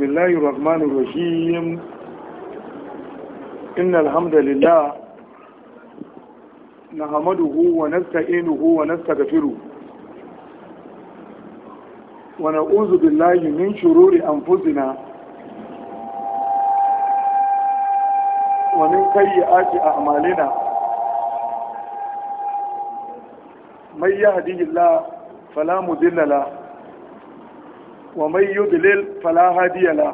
بسم الله الرحمن الرحيم إن الحمد لله نحمده ونستعينه ونستغفره ونعوذ بالله من شرور أنفسنا ومن سيئات أعمالنا من يهدي الله فلا مذل له ومن يضلل فلا هادي له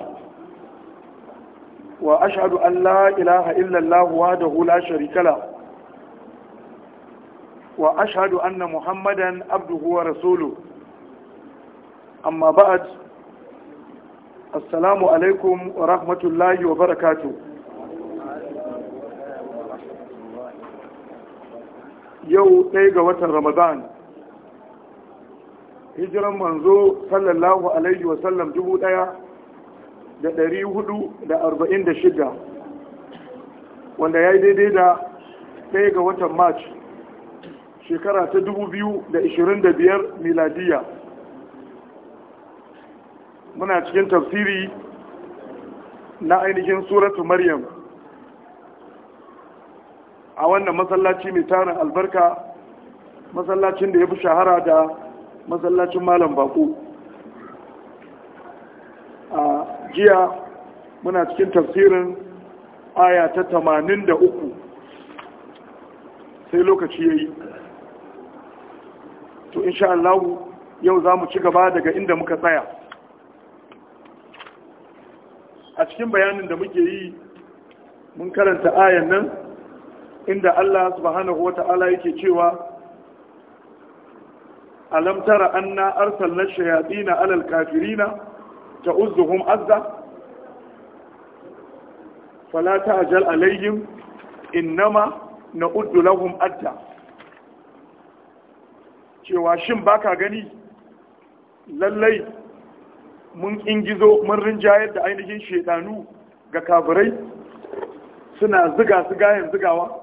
وأشهد أن لا إله إلا الله وحده لا شريك له وأشهد أن محمدا عبده ورسوله أما بعد السلام عليكم ورحمة الله وبركاته يو تيغا وطن رمضان hijiran manzo sallallahu alaihi wasallam dubu daya da dari hudu da arba'in da shida wanda ya yi daidai da ɗaya ga watan march shekara ta dubu biyu da ishirin da biyar miladiya muna cikin tafsiri na ainihin suratu maryam a wannan masallaci mai tarin albarka masallacin da ya fi shahara da masallacin malam bako a jiya muna cikin tafsirin aya ta tamanin da uku, sai lokaci ya yi to insha Allah yau za mu ci gaba daga inda muka tsaya a cikin bayanin da muke yi mun karanta ayan nan inda Allah subhanahu wa ta'ala yake cewa alam tara anna arsalna Alal, ala alkafirina ta'uzuhum azza fala ta'jal alayhim innama na'uddu lahum adda cewa shin baka gani lallai mun ingizo mun rinjayar da ainihin shedanu ga kafirai suna ziga su gayan zigawa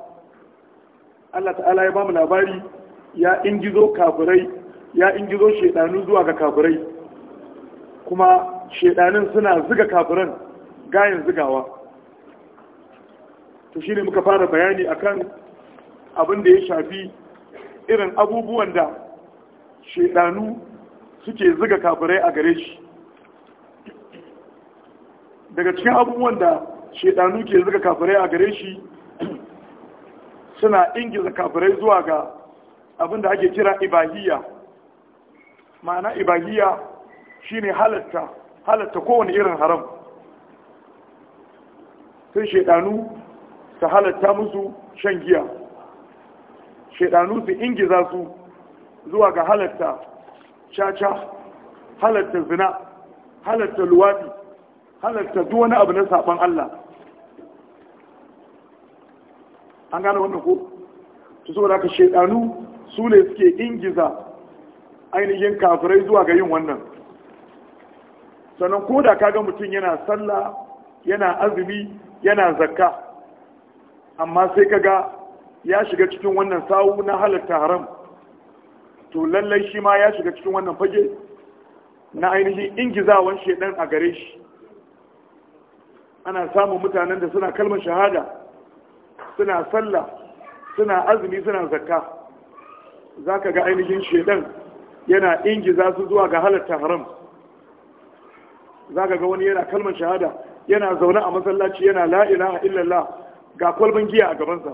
Allah ta'ala ya ba mu labari ya ingizo kafirai ya ingizo shaidanu zuwa ga kafirai kuma shedanin suna ziga kafiran gayan zigawa to ne muka fara bayani akan abin da ya shafi irin abubuwan da shaidanu suke ziga kafirai a gare shi daga cikin abubuwan da shaidanu ke ziga kafirai a gare shi suna ingiza kafirai zuwa ga abin da ake kira ibahiyya ma'ana ibahiyya shine halatta halatta kowane irin haram sai shaidanu ta halatta musu shan giya shaidanu su ingiza su zuwa ga halatta caca halatta zina halatta luwadi halatta duk abu na saban Allah an gane wannan ko Su saboda ka shaidanu su ne suke ingiza ainihin kafirai zuwa ga yin wannan sannan ko da ka ga mutum yana sallah yana azumi yana zakka amma sai ka ga ya shiga cikin wannan sawu na halatta haram to lallai shi ma ya shiga cikin wannan fage na ainihin ingizawan shedan a gare shi ana samun mutanen da suna kalmar shahada suna sallah suna azumi suna zakka za ka ga ainihin shedan yana ingiza su zuwa ga halatta haram za ka ga wani yana kalmar shahada yana zaune a masallaci yana la'ilaha a illallah ga kwalban giya a gabansa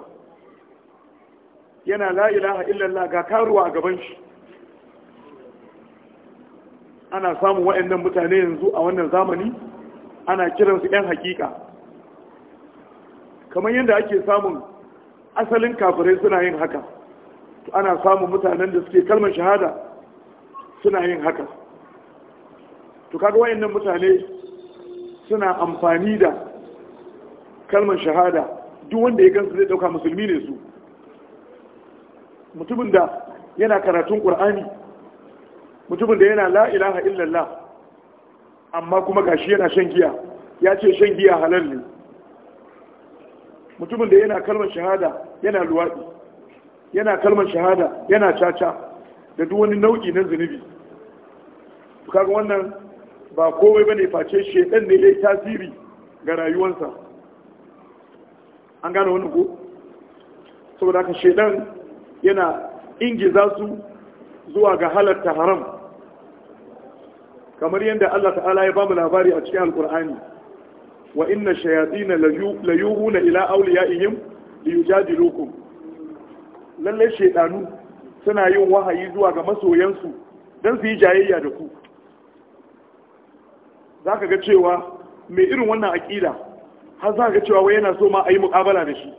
yana la'ilaha a illallah ga karuwa a gaban shi ana samun waɗannan mutane yanzu a wannan zamani ana kiransu 'yan hakika kamar yadda ake samun asalin kafirai suna yin haka ana samun mutanen da suke kalmar shahada suna yin haka to kaga wayannan mutane suna amfani da kalmar shahada duk wanda ya gansu zai dauka musulmi ne su mutumin da yana karatun qur'ani mutumin da yana la ilaha illallah amma kuma gashi yana shan giya ya ce shan giya halal ne mutumin da yana kalmar shahada yana luwaɗi yana kalmar shahada yana caca da duk wani nau'i na zunubi kaga wannan ba kowai bane face shedan ne yayi tasiri ga rayuwarsa an gane wannan ko saboda haka shedan yana ingiza su zuwa ga halatta haram kamar yadda Allah ta'ala ya bamu labari a cikin alkur'ani wa inna shayatin layuhuna ila awliyaihim liyujadilukum lalle shedanu suna yin wahayi zuwa ga masoyansu don su yi jayayya da ku za ka ga cewa mai irin wannan aƙida har za ka cewa wai yana so ma a yi muƙabala da shi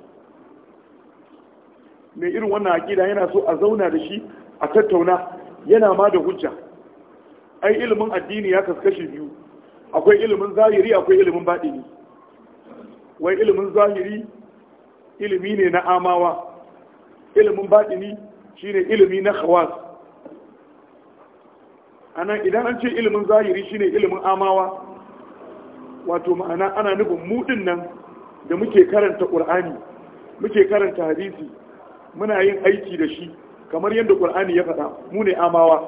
mai irin wannan aƙida yana so a zauna da shi a tattauna yana ma da hujja ai ilimin addini ya kaskashi biyu akwai ilimin zahiri akwai ilimin baɗini wai ilimin zahiri ilimi ne na amawa ilimin baɗini shine ilimi na khawas anan idan an ce ilimin zahiri shine ilimin amawa wato ma'ana ana nufin mu nan da muke karanta qur'ani muke karanta hadisi muna yin aiki da shi kamar yadda qur'ani ya faɗa mu ne amawa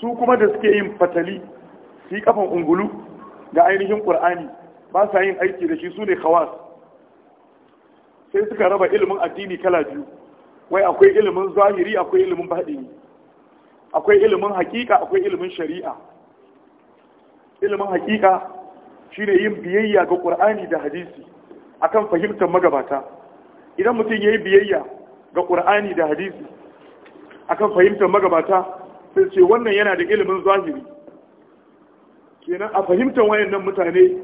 su kuma da suke yin fatali su kafan ungulu ga ainihin qur'ani ba sa yin aiki da shi su ne khawas sai suka raba ilimin addini kala biyu wai akwai ilimin zahiri akwai ilimin baɗi akwai ilimin hakika akwai ilimin shari'a ilimin hakika ne yin biyayya ga ƙur'ani da hadisi akan fahimtar magabata idan mutum ya yi biyayya ga ƙur'ani da hadisi akan fahimtar magabata sai ce wannan yana da ilimin zahiri kenan a fahimtar wayannan mutane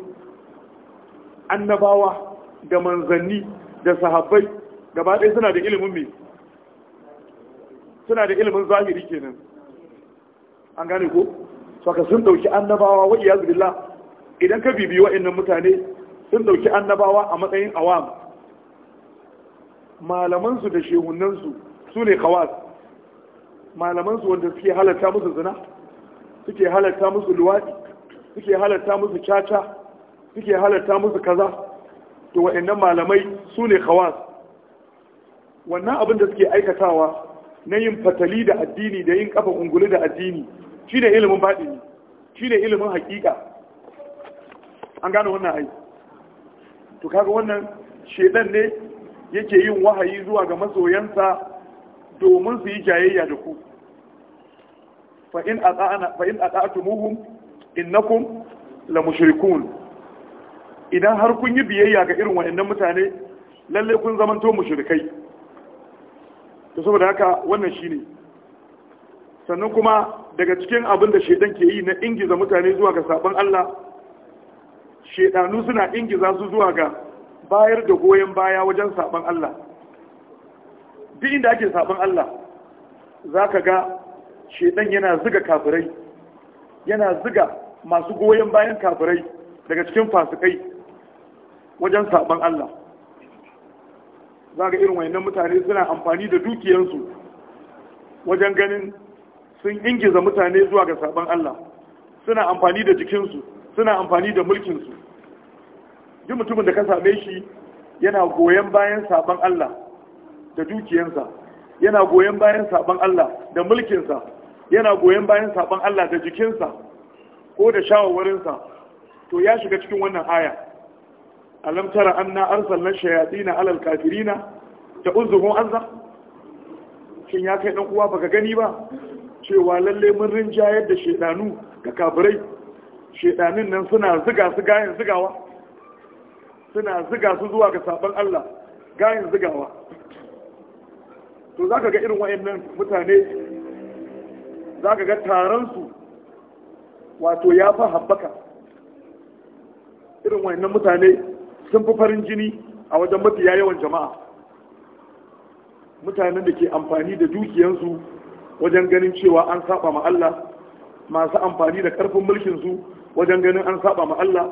annabawa da manzanni da sahabbai gaba ɗaya suna da ilimin mai suna da ilimin zahiri kenan an gane ko saka sun dauki annabawa wa iyaz billah idan ka bibi wa'annan mutane sun dauki annabawa a matsayin awam malaman su da shehunan su sune khawas malaman su wanda suke halatta musu zina suke halatta musu luwadi suke halatta musu caca suke halatta musu kaza to wa'annan malamai sune khawas wannan abin da suke aikatawa na yin fatali da addini da yin kafa ungulu da addini shi ne ilimin baɗini shi ne ilimin hakika an gane wannan ai to kaga wannan shedan ne yake yin wahayi zuwa ga masoyansa domin su yi jayayya da ku fa in ata'atumuhum innakum la mushrikun idan har kun yi biyayya ga irin wa'annan mutane lalle kun zamanto mushrikai to saboda haka wannan shi ne. sannan kuma daga cikin abin da shaidan ke yi na ingiza mutane zuwa ga sabon Allah shaidanu suna ingiza su zuwa ga bayar da goyon baya wajen sabon Allah duk inda ake sabon Allah za ka ga shaiɗan yana ziga kafirai yana ziga masu goyon bayan kafirai daga cikin fasikai wajen sabon Allah za ga irin wayannan mutane suna amfani da dukiyansu wajen ganin sun ingiza mutane zuwa ga sabon Allah suna amfani da jikinsu suna amfani da mulkinsu duk mutumin da ka same shi yana goyon bayan sabon Allah da dukiyansa yana goyon bayan sabon Allah da mulkinsa yana goyon bayan sabon Allah da jikinsa ko da shawarwarinsa to ya shiga cikin wannan aya alam tara anna arsalna shayatin ala alkafirina ta'uzuhum azza shin ya kai dan uwa baka gani ba cewa lalle mun rinjayar da shedanu ga kafirai shedanin nan suna ziga su gayin zigawa suna ziga su zuwa ga sabon Allah gayin zigawa to zaka ga irin wayannan mutane zaka ga taron su wato ya fa habbaka irin wayannan mutane sun fi farin jini a wajen mafiya yawan jama'a mutanen da ke amfani da dukiyansu wajen ganin cewa an saba ma Allah masu amfani da karfin mulkinsu wajen ganin an saba ma Allah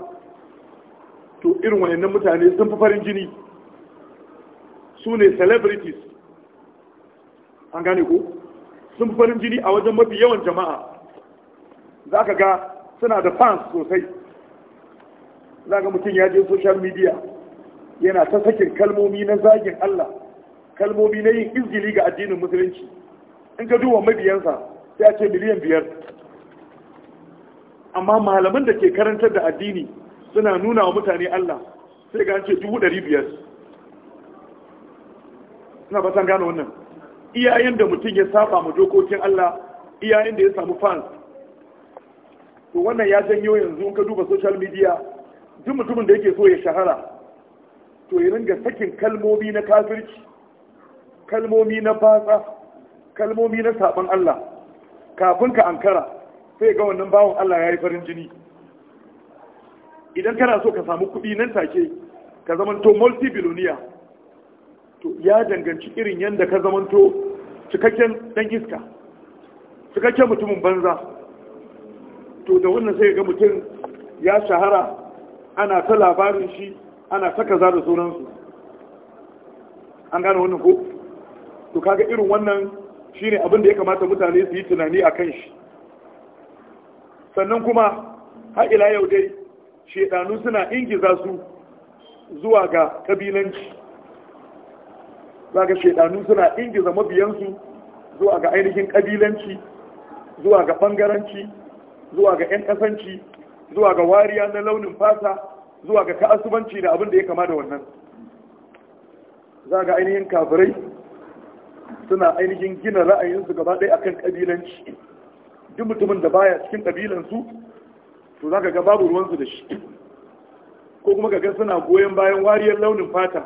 to irin wayannan mutane sun fi farin jini su ne celebrities an gane ko sun fi farin jini a wajen mafi yawan jama'a za ka ga suna da fans sosai za ga mutum ya je social media yana ta sakin kalmomi na zagin Allah kalmomi na yin izgili ga addinin musulunci in ka duba mabiyansa sai ce miliyan biyar amma malaman da ke karantar da addini suna nuna wa mutane Allah sai ga ce dubu ɗari biyar suna fatan gane wannan iyayen da mutum ya saba ma dokokin Allah iyayen da ya samu fans to wannan ya janyo yanzu ka duba social media duk mutumin da yake so ya shahara to ya ringa sakin kalmomi na kafirci kalmomi na batsa kalmomi na sabon Allah kafin ka ankara sai ga wannan bawon Allah ya yi farin jini idan kana so ka samu kuɗi nan take ka zamanto multi-billionaire to ya danganci irin yadda ka zamanto cikakken dan iska cikakken mutumin banza to da wannan sai ga mutum ya shahara ana ta labarin shi ana ta kaza da sunansu an gane wannan ko to kaga irin wannan shine abin da ya kamata mutane su yi tunani a kan shi sannan kuma har ila yau dai shedanu suna ingiza su zuwa ga kabilanci zaga shedanu suna ingiza mabiyansu zuwa ga ainihin kabilanci zuwa ga bangaranci zuwa ga 'yan ƙasanci. zuwa ga wariya na launin fata zuwa ga ta'assubanci da abin da ya kama da wannan za ga ainihin kafirai suna ainihin gina ra'ayinsu gaba ɗaya akan ƙabilanci duk mutumin da baya cikin ƙabilansu to za ka ga babu ruwansu da shi ko kuma ka ga suna goyon bayan wariyar launin fata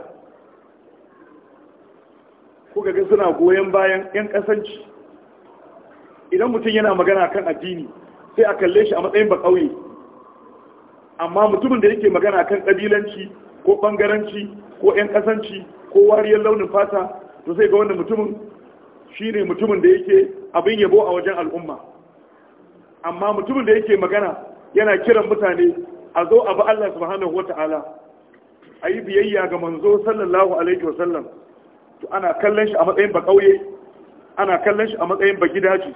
ko ka ga suna goyon bayan 'yan ƙasanci idan mutum yana magana kan addini sai a kalle shi a matsayin ba ƙauye amma mutumin da yake magana kan kabilanci ko ɓangaranci ko yan kasanci ko wariyar launin fata to sai ga wanda mutumin shi ne mutumin da yake abin yabo a wajen al'umma amma mutumin da yake magana yana kiran mutane a zo abu Allah subhanahu ta'ala a yi biyayya ga manzo sallallahu alaihi wasallam to ana kallon shi a matsayin ba ƙauye, ana kallon shi a matsayin ba gidaje,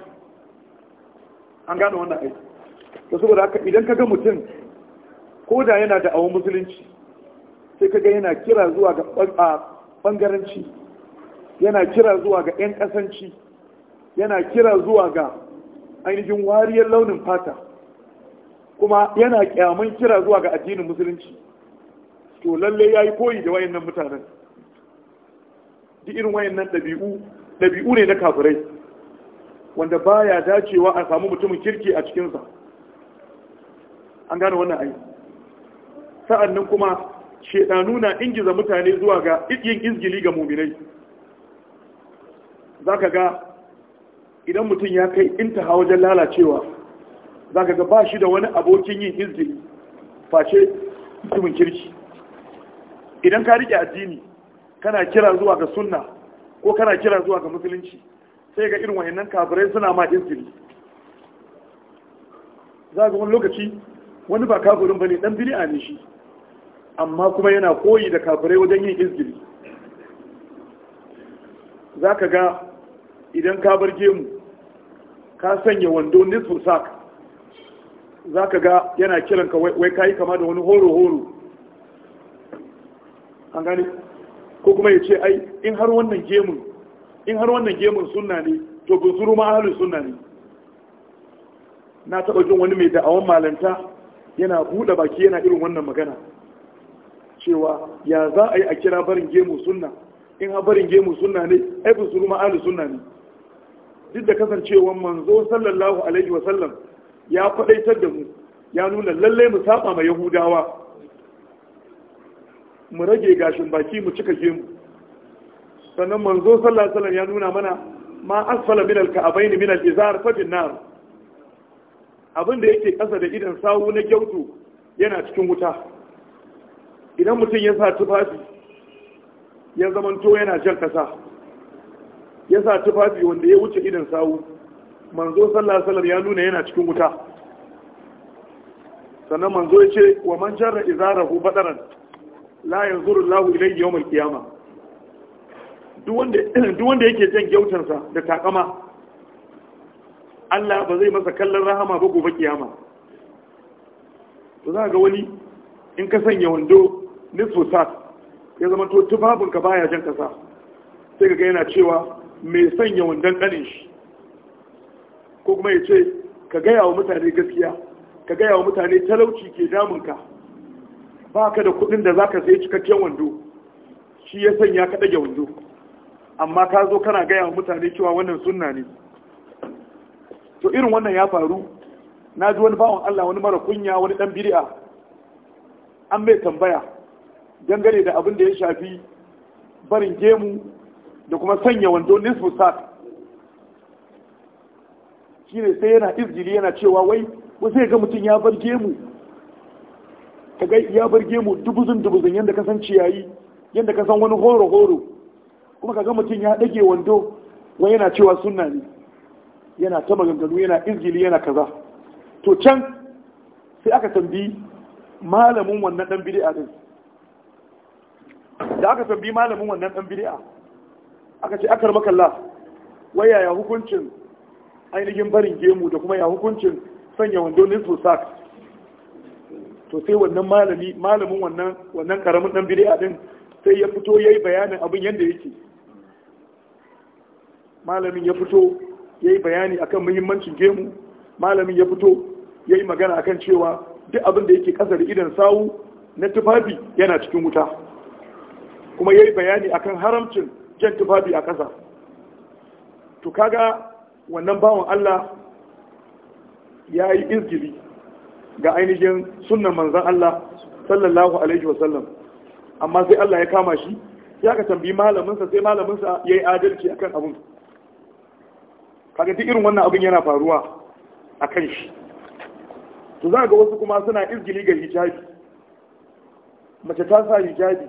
an gane wannan aiki to saboda haka idan ka ga mutum ko da yana da awon musulunci sai kaga yana kira zuwa ga bangaranci yana kira zuwa ga 'yan kasanci yana kira zuwa ga ainihin wariyar launin fata kuma yana kyaman kira zuwa ga addinin musulunci to lalle ya yi koyi da wayannan mutanen di irin wayannan ɗabi'u ɗabi'u ne na kafirai wanda baya dacewa a samu mutumin kirki a cikinsa an gane wannan aiki sa'annan kuma shedanu na ingiza mutane zuwa ga yin izgili ga muminai ka ga idan mutum ya kai intaha wajen lalacewa ka ga ba shi da wani abokin yin izgili face mutumin kirki idan ka rike addini kana kira zuwa ga sunna ko kana kira zuwa ga musulunci sai ga irin wayannan kafirai suna ma izgili za ga wani lokaci wani ba kafirin bane dan bid'a ne shi amma kuma yana koyi da kafirai wajen yin izgiri za ka ga idan ka bar gemu ka sanya wando nisfu sak za ka ga yana kiranka wai kayi kama da wani horo-horo an gani ko kuma ya ce ai in har wannan gemun in har wannan gemun sunna ne to bunzuru ma sunna ne na taɓa jin wani mai da'awan malanta yana buɗe baki yana irin wannan magana cewa ya za a yi a kira barin gemu sunna in ha barin gemu sunna ne aibin su ruma ahli sunna ne duk da kasancewar manzo sallallahu alaihi wa sallam ya faɗaitar da mu ya nuna lallai mu saba ma yahudawa mu rage gashin baki mu cika gemu sannan manzo sallallahu alaihi wa ya nuna mana ma asfala min al min abin da yake kasa da idan sawu na gyautu yana cikin wuta idan mutum ya sa tufafi ya zamanto yana jan kasa ya sa tufafi wanda ya wuce idan sawu manzo sallallahu alaihi ya nuna yana cikin wuta sannan manzo ya ce wa man jarra izarahu badaran la yanzuru Allahu ilayhi yawm al qiyama duk wanda duk wanda yake jan gyautarsa da takama Allah ba zai masa kallon rahama ba gobe kiyama to za ga wani in ka sanya wando nisfu sat ya zama to tufafin ka baya jan kasa sai ka ga yana cewa me sanya wandan kanin shi ko kuma ya ce ka gaya wa mutane gaskiya ka gaya wa mutane talauci ke damunka ba ka da kudin da zaka ka sai cikakken wando shi ya sanya ka ɗage wando amma ka zo kana gaya wa mutane cewa wannan sunna ne to irin wannan ya faru na ji wani bawan Allah wani mara kunya wani dan biri'a an mai tambaya dangane da abin da ya shafi barin gemu da kuma sanya wando nisfu sat shi ne sai yana izgiri yana cewa wai ko sai ga mutum ya bar gemu ka ga ya bar gemu dubuzun dubuzun yadda ka san ciyayi yadda ka wani horo horo kuma ka ga mutum ya dage wando wai yana cewa sunna ne yana ta maganganu yana izgiri yana kaza to can sai aka tambi malamin wannan dan bid'a din da aka tambi malamin wannan dan bid'a aka ce akar makalla waya yaya hukuncin ainihin barin gemu da kuma ya hukuncin sanya wando ne sak to sai wannan malami malamin wannan wannan karamin dan bid'a din sai ya fito yayi bayanin abin yanda yake malamin ya fito yayi bayani akan muhimmancin gemu malamin ya fito yayi magana akan cewa duk abin da yake kasar idan sawu na tufafi yana cikin wuta kuma ya yi bayani akan haramcin jan tufafi a ƙasa to kaga wannan bawan Allah ya yi izgili ga ainihin sunan manzan Allah sallallahu alaihi wasallam amma sai Allah ya kama shi ya ka tambayi malaminsa sai malaminsa ya yi adalci akan abin kaga duk irin wannan abin yana faruwa akan shi to za ga wasu kuma suna izgili ga hijabi mace ta sa hijabi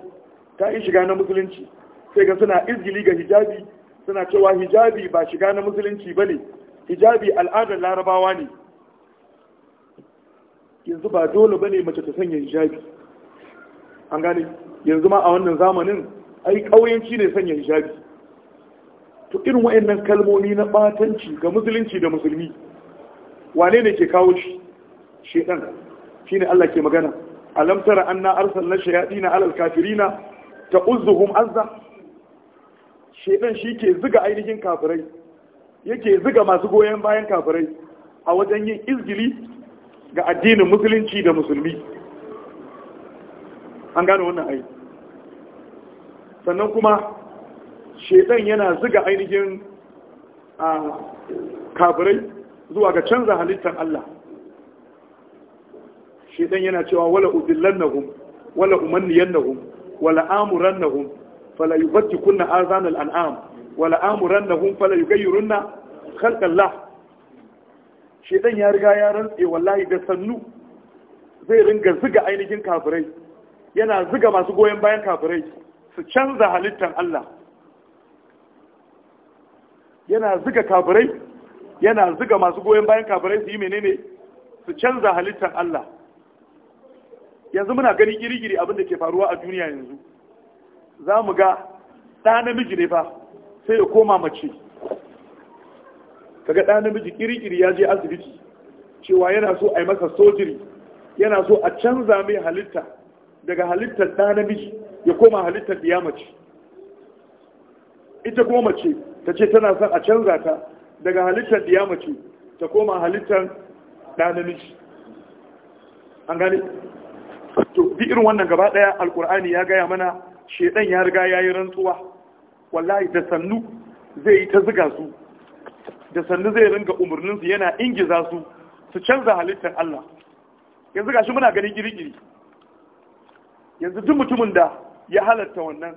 ta yi shiga na musulunci sai ga suna izgili ga hijabi suna cewa hijabi ba shiga na musulunci ba ne hijabi al'adar larabawa ne yanzu ba dole ba ne mace ta sanya hijabi an gane yanzu ma a wannan zamanin ai ƙauyenci ne sanya hijabi to irin wa'annan kalmomi na batanci ga musulunci da musulmi wane ne ke kawo shi shedan shine Allah ke magana alam tara anna arsalna shayatin ala al-kafirina ta uzuhum azza shedan shi ke ziga ainihin kafirai yake ziga masu goyon bayan kafirai a wajen yin izgili ga addinin musulunci da musulmi an gane wannan ai sannan kuma shedan yana ziga ainihin kafirai zuwa ga canza halittar Allah shedan yana cewa wala udillannahum wala umanniyannahum wala amurannahum fala yubtikunna azanal an'am wala amurannahum fala yughayyirunna khalqallah shedan ya riga ya rantse wallahi da sannu zai ringa ziga ainihin kafirai yana ziga masu goyon bayan kafirai su canza halittar Allah yana ziga kafirai yana ziga masu goyon bayan kafirai su yi menene su canza halittar Allah yanzu muna gani girgiri abin da ke faruwa a duniya yanzu za mu ga ɗa namiji ne fa sai ya koma mace kaga ɗa namiji kirikiri ya je asibiti cewa yana so a yi masa sojiri yana so a canza mai halitta daga halittar ɗa namiji ya koma halittar ɗiya mace ita kuma mace ta ce tana son a canza ta daga halittar ɗiya mace ta koma halittar ɗa namiji an gane to irin wannan gaba daya alkur'ani ya gaya mana shedan ya riga yayi rantsuwa wallahi da sannu zai yi ta ziga su da sannu zai ringa umarninsu yana ingiza su su canza halittar Allah yanzu gashi muna ganin girgiri yanzu duk mutumin da ya halatta wannan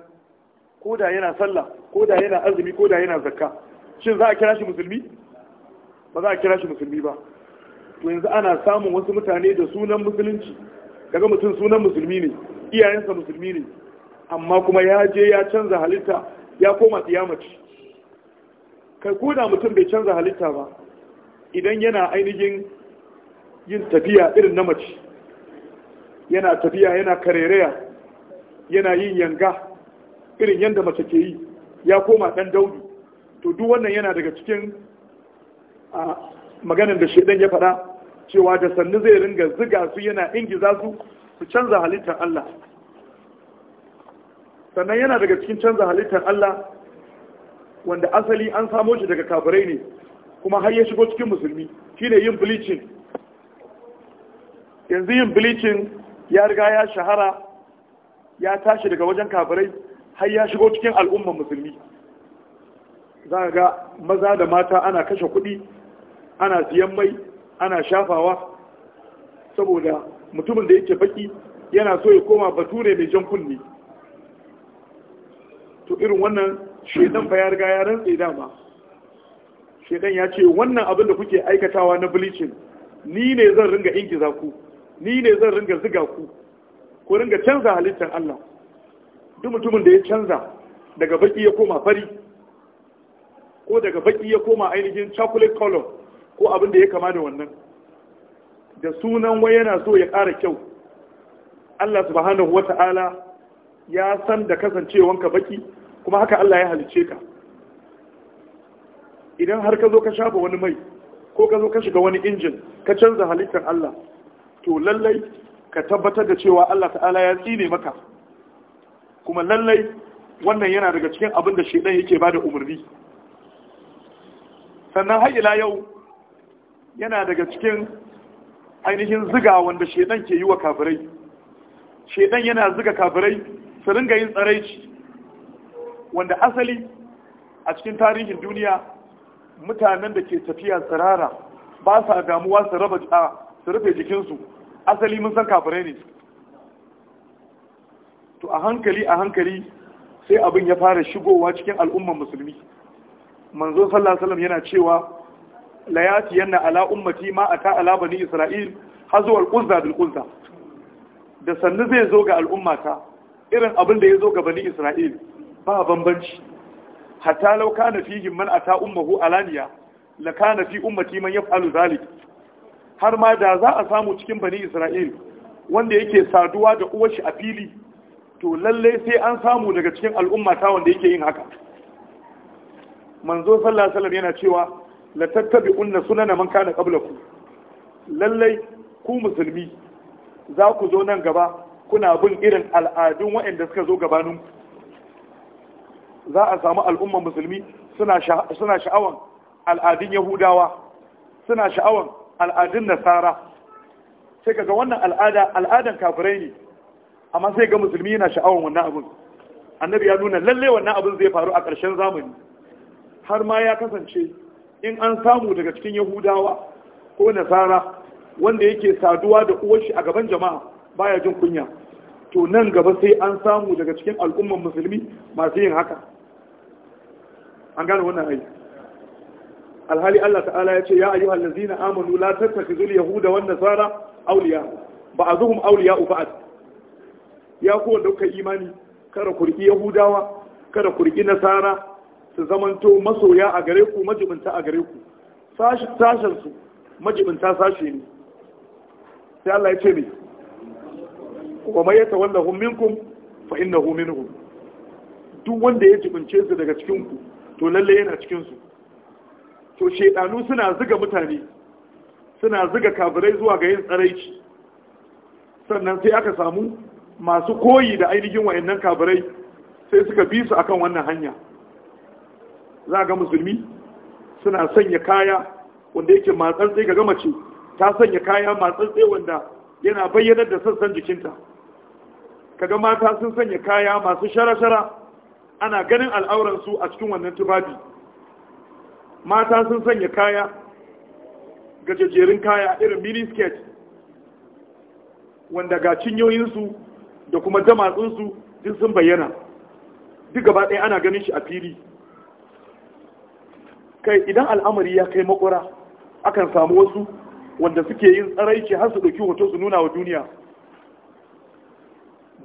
ko yana sallah ko yana azumi ko yana zakka shin za a kira shi musulmi ba za a kira shi musulmi ba to yanzu ana samun wasu mutane da sunan musulunci kaga mutum sunan musulmi ne iyayensa musulmi ne amma kuma ya je ya canza halitta ya koma tsiyamaci kai ko da mutum bai canza halitta ba idan yana ainihin yin tafiya irin na mace yana tafiya yana karereya yana yin yanga irin yadda mace ke yi ya koma dan daudi, to duk wannan yana daga cikin maganin da shedan ya faɗa cewa da sannu zai ringa ziga su yana ingiza su su canza halittar Allah sannan yana daga cikin canza halittar Allah wanda asali an samo shi daga kafirai ne kuma har ya shigo cikin musulmi shine yin bleaching yanzu yin bilicin ya riga ya shahara ya tashi daga wajen kafirai har ya shigo cikin al'umman musulmi za ga maza da mata ana kashe kuɗi ana siyan mai ana shafawa saboda mutumin da yake baki yana so ya koma bature mai jan kunne to irin wannan shedan fa ya riga ya rantsa dama shedan ya ce wannan abin da kuke aikatawa na bleaching ni ne zan ringa ingiza ku ni ne zan ringa ziga ku ko ringa canza halittar Allah duk mutumin da ya canza daga baki ya koma fari ko daga baki ya koma ainihin chocolate color ko abin da ya kama da wannan da sunan wai yana so ya ƙara kyau Allah subhanahu wata'ala ya san da kasancewanka baki kuma haka Allah ya halice ka idan har ka zo ka shafa wani mai ko ka zo ka shiga wani injin ka canza halittar Allah to lallai ka tabbatar da cewa Allah ta'ala ya tsine maka kuma lallai wannan yana daga cikin abin da shedan yake bada umarni sannan har ila yau yana daga cikin ainihin ziga wanda shedan ke yi wa kafirai shedan yana ziga kafirai su ringa yin tsaraici wanda asali a cikin tarihin duniya mutanen da ke tafiya tsirara ba sa damuwa su raba su rufe jikinsu asali mun san kafirai ne to a hankali a hankali sai abin ya fara shigowa cikin al'umman musulmi Manzon sallallahu alaihi wasallam yana cewa la yanna ala ummati ma ata ala bani isra'il hazu al uzza bil al'ƙunza. da sannu zai zo ga al'ummata irin abin da ya zo ga bani isra'il ba bambanci hatta law kana fihim man ata ummuhu alaniya la kana fi ummati man yaf'alu zalik har ma da za a samu cikin bani isra'il wanda yake saduwa da uwarshi a fili to lallai sai an samu daga cikin al'ummata wanda yake yin haka manzo sallallahu alaihi wasallam yana cewa la tattabi'unna sunana man kana ku. lallai ku musulmi za ku zo nan gaba kuna bin irin al'adun waɗanda suka zo gabanin za a samu al'umman musulmi suna sha'awan al'adun yahudawa suna sha'awan al'adun nasara sai kaga wannan al'ada al'adan kafirai ne amma sai ga musulmi yana sha'awan wannan abin annabi ya nuna lallai wannan abin zai faru a ƙarshen zamani har ma ya kasance in an samu daga cikin yahudawa ko nasara wanda yake saduwa da uwarshi a gaban jama'a baya jin kunya to nan gaba sai an samu daga cikin al'umman musulmi masu yin haka an gane wannan aiki. alhali Allah ta'ala ya ce ya ayyuhal ladzina amanu la al yahuda wan nasara awliya ba'dhum awliya ba'd ya ku wanda kuka imani kada ku riki yahudawa kada ku riki nasara su zamanto masoya a gare ku majibinta a gare ku sashensu majibinta sashe ne sai Allah ya ce ne wa mai yata wanda hun minkum fa inna hu minhum duk wanda ya jibince su daga cikin ku to lalle yana cikin su to shedanu suna zuga mutane suna zuga kafirai zuwa ga yin tsaraici sannan sai aka samu masu koyi da ainihin wayannan kafirai sai suka bi su akan wannan hanya za ga musulmi suna sanya kaya wanda yake matsantsai ga ce, ta sanya kaya matsantsai wanda yana bayyanar da sassan jikinta kaga mata sun sanya kaya masu shara-shara ana ganin al'auransu a cikin wannan tubabi. mata sun sanya kaya gajejerin kaya irin mini skirt wanda ga cinyoyinsu da kuma damatsinsu duk sun bayyana duk gaba ɗaya ana ganin shi a fili kai idan al'amari ya kai makwara akan samu wasu wanda suke yin tsaraici har su ɗauki hoto su nuna wa duniya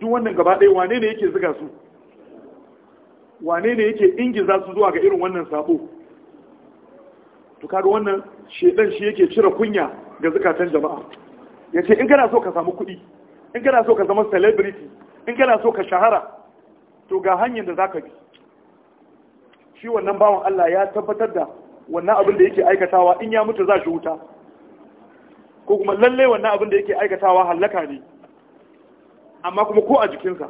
duk wannan gaba ɗaya wane ne yake ziga su wane ne yake ingiza su zuwa ga irin wannan sabo to kaga wannan shedan shi yake cire kunya ga zukatan jama'a yace in kana so ka samu kuɗi in kana so ka zama celebrity in kana so ka shahara to ga hanyar da zaka bi shi wannan bawan Allah ya tabbatar da wannan abin da yake aikatawa in ya mutu za shi wuta ko kuma lalle wannan abin da yake aikatawa hallaka ne amma kuma ko a jikinsa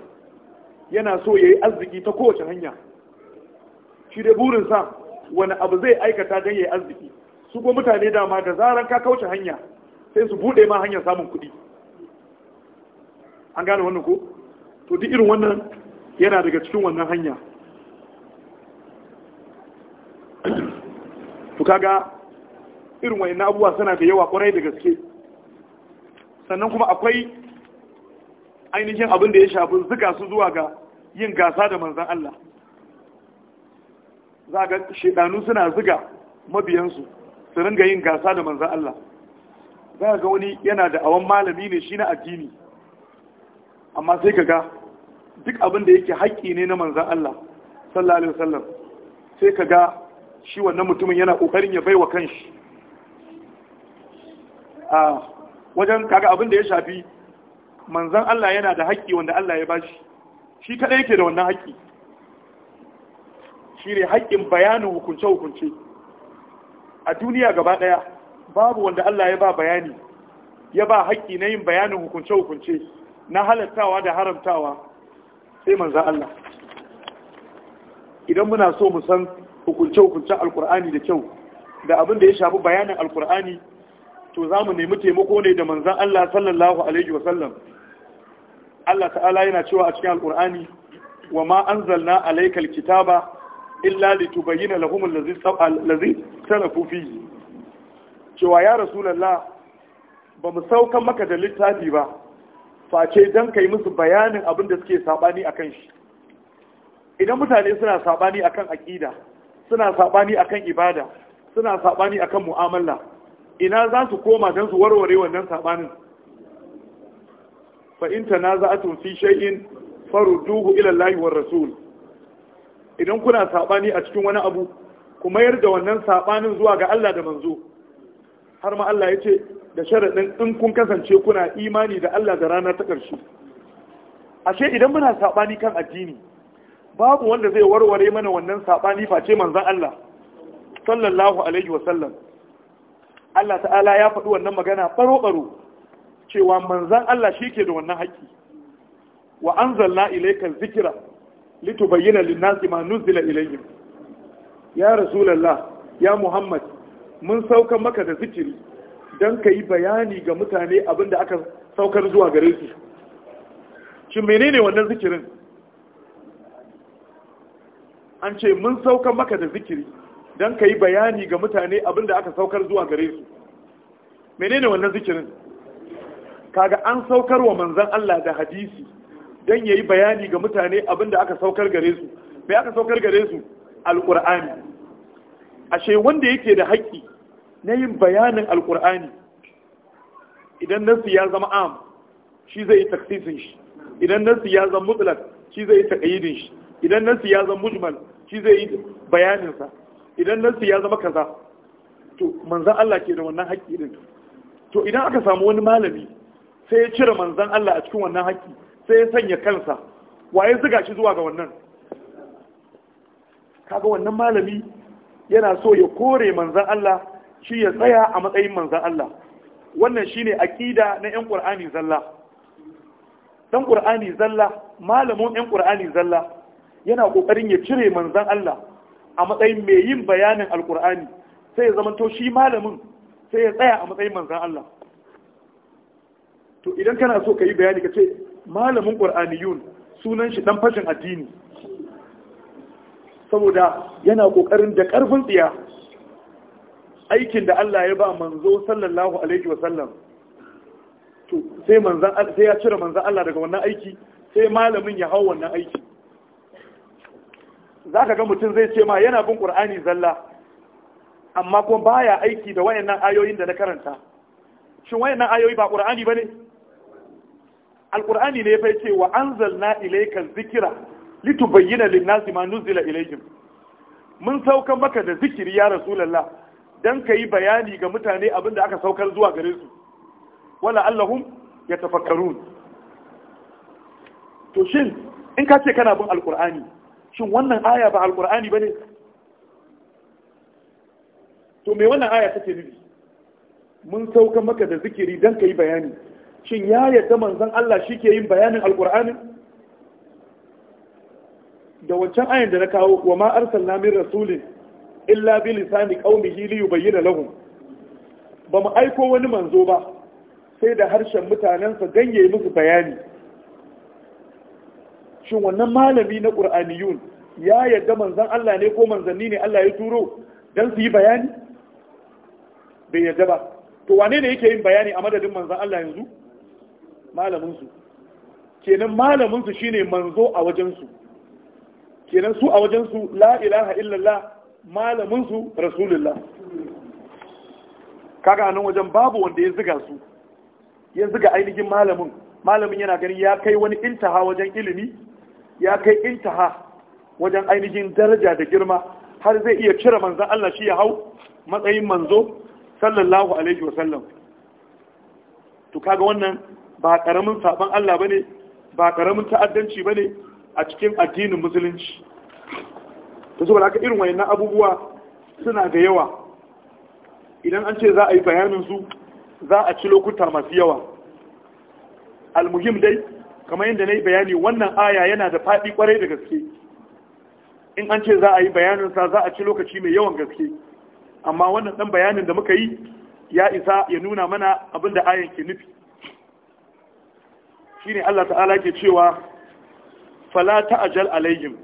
yana so ya yi arziki ta kowace hanya shi da burinsa wani abu zai aikata don ya yi arziki su ko mutane dama da zarar ka kauce hanya sai su buɗe ma hanyar samun kuɗi an gane wannan ko to duk irin wannan yana daga cikin wannan hanya to kaga irin wani abubuwa suna da yawa kwarai da gaske sannan kuma akwai ainihin abin da ya shafi zuka su zuwa ga yin gasa da manzan Allah za ga shedanu suna zuga mabiyansu su ringa yin gasa da manzan Allah za ga wani yana da awon malami ne shi na addini amma sai ka ga duk abin da yake haƙƙi ne na manzan Allah sallallahu alaihi wasallam sai ka ga shi wannan mutumin yana kokarin ya baiwa kanshi a wajen kaga abin da ya shafi manzon Allah yana da haƙƙi wanda Allah ya bashi shi kadai yake da wannan haƙƙi shi ne haƙƙin bayanin hukunce hukunce a duniya gaba ɗaya, babu wanda Allah ya ba bayani ya ba haƙƙi na yin bayanin hukunce hukunce na halattawa da haramtawa sai manzon Allah idan muna so mu san hukunce-hukuncen alkur'ani da kyau da abin da ya shafi bayanin alkur'ani to za mu nemi taimako ne da manzan Allah sallallahu alaihi wasallam Allah ta'ala yana cewa a cikin alkur'ani wa ma anzalna alaikal kitaba illa litubayyana lahum allazi salafu fihi cewa ya rasulullah ba mu saukan maka da littafi ba face dan kai musu bayanin abin da suke sabani akan shi idan mutane suna sabani akan aqida suna saɓani akan ibada suna saɓani akan mu'amala ina za su koma don su warware wannan saɓanin fa'in ta na za a tunfi shayin faru duhu ilallahi wa rasul idan kuna saɓani a cikin wani abu ku mayar da wannan saɓanin zuwa ga Allah da manzo har ma Allah ya ce da sharaɗin in kun kasance kuna imani da Allah da rana ta ƙarshe ashe idan muna saɓani kan addini babu wanda zai warware mana wannan saɓani face manzan Allah sallallahu alaihi wasallam Allah ta'ala ya faɗi wannan magana ɓaro-ɓaro cewa manzan Allah shi ke da wannan haƙƙi wa an zalla ilaikar zikira litubayyana linnasi ma nuzila ilayhim ya rasulallah ya muhammad mun sauka maka da zikiri don ka yi bayani ga mutane abinda aka saukar zuwa gare su shi menene wannan zikirin an ce mun saukar maka da zikiri don ka yi bayani ga mutane abinda aka saukar zuwa gare su menene wannan zikirin kaga an saukar wa manzan Allah da hadisi don ya yi bayani ga mutane abinda aka saukar gare su mai aka saukar gare su alƙur'ani ashe wanda yake da haƙƙi na yin bayanin alƙur'ani idan nasu ya zama am shi zai yi taksisin shi idan nasu ya zama mutlak shi zai yi taƙayyidin shi idan nasu ya zama mujmal shi zai yi bayaninsa idan nan ya zama kaza to manzan Allah ke da wannan haƙƙi din to idan aka samu wani malami sai ya cire manzan Allah a cikin wannan haƙƙi sai ya sanya kansa waye ziga shi zuwa ga wannan kaga wannan malami yana so ya kore manzan Allah shi ya tsaya a matsayin manzan Allah wannan shine aqida na ƴan Qur'ani zalla ɗan Qur'ani zalla malamin ƴan Qur'ani zalla yana kokarin ya cire manzan Allah a matsayin mai yin bayanin alkur'ani sai ya zama shi malamin sai ya tsaya a matsayin manzan Allah to idan kana so ka yi bayani ka ce malamin yun sunan shi dan fashin addini saboda yana kokarin da karfin tsiya aikin da Allah ya ba manzo sallallahu alaihi wasallam to sai manzan sai ya cire manzan Allah daga wannan aiki sai malamin ya hau wannan aiki za ka ga mutum zai ce ma yana bin ƙur'ani zalla amma kuma baya aiki da wayannan ayoyin da na karanta shin wayannan ayoyi ba ƙur'ani ba ne alƙur'ani ne ya fai ce wa anzalna ilaikan zikira litubayyana bayyana nasi ma nuzila ilaikin mun saukan maka da zikiri ya rasu don dan yi bayani ga mutane abin da aka saukar zuwa gare su wala allahum yatafakkarun to shin in ka ce kana bin alƙur'ani shin wannan aya ba alkur'ani ba ne to me wannan aya take nufi mun sauka maka da zikiri don ka yi bayani shin ya yadda manzan Allah shi ke yin bayanin alkur'ani da wancan ayan da na kawo wa ma arsalna min rasulin illa bi lisani qaumihi li yubayyana lahum ba mu aiko wani manzo ba sai da harshen mutanensa ganye musu bayani shin wannan malami na qur'aniyun ya yadda manzan Allah ne ko manzanni ne Allah ya turo don su yi bayani bai yadda ba to wane ne yake yin bayani a madadin manzan Allah yanzu Malaminsu. kenan malaminsu shi shine manzo a wajensu. kenan su a wajensu la ilaha illallah malaminsu rasulullah kaga nan wajen babu wanda ya ziga su ya ziga ainihin malamin malamin yana gani ya kai wani intaha wajen ilimi ya kai intaha wajen ainihin daraja da girma har zai iya cire manzan Allah shi ya hau matsayin manzo sallallahu alaihi wasallam to kaga wannan ba karamin sabon Allah bane ba karamin ta'addanci bane a cikin addinin musulunci to saboda haka irin wayannan abubuwa suna da yawa idan an ce za a yi bayanin su za a ci lokuta masu yawa Al muhim dai kamar yadda na yi bayani wannan aya yana da faɗi kwarai da gaske in an ce za a yi bayaninsa za a ci lokaci mai yawan gaske amma wannan ɗan bayanin da muka yi ya isa ya nuna mana abin da ayan ke nufi Shi ne Allah ta'ala ke cewa fala ajal alayhim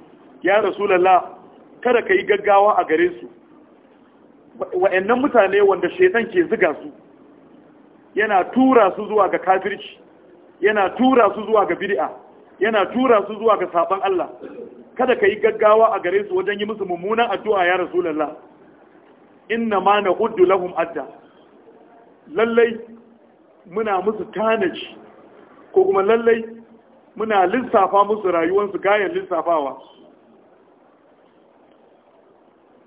ya rasulallah kada ka yi gaggawa a gare su wa'annan mutane wanda shaitan ke ziga su yana tura su zuwa ga kafirci yana tura su zuwa ga bid'a yana tura su zuwa ga saban Allah kada ka yi gaggawa a gare su wajen yi musu mummunan addu'a ya rasulullah inna ma na na'uddu lahum adda lallai muna musu tanaji ko kuma lallai muna lissafa musu rayuwansu gayan lissafawa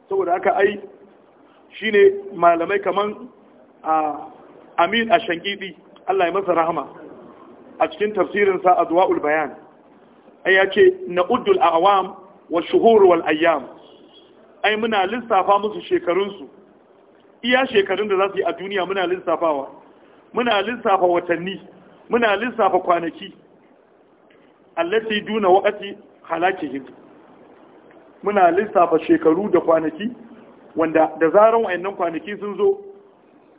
saboda aka ai shine malamai kaman a amin a shangidi Allah ya masa rahama a cikin tafsirinsa a duwa'ul bayan ai ya ce na uddul awam wa shuhur ayyam ai muna lissafa musu shekarunsu iya shekarun da za su yi a duniya muna lissafawa muna lissafa watanni muna lissafa kwanaki allati duna waqati halakihim muna lissafa shekaru da kwanaki wanda da zaran wayannan kwanaki sun zo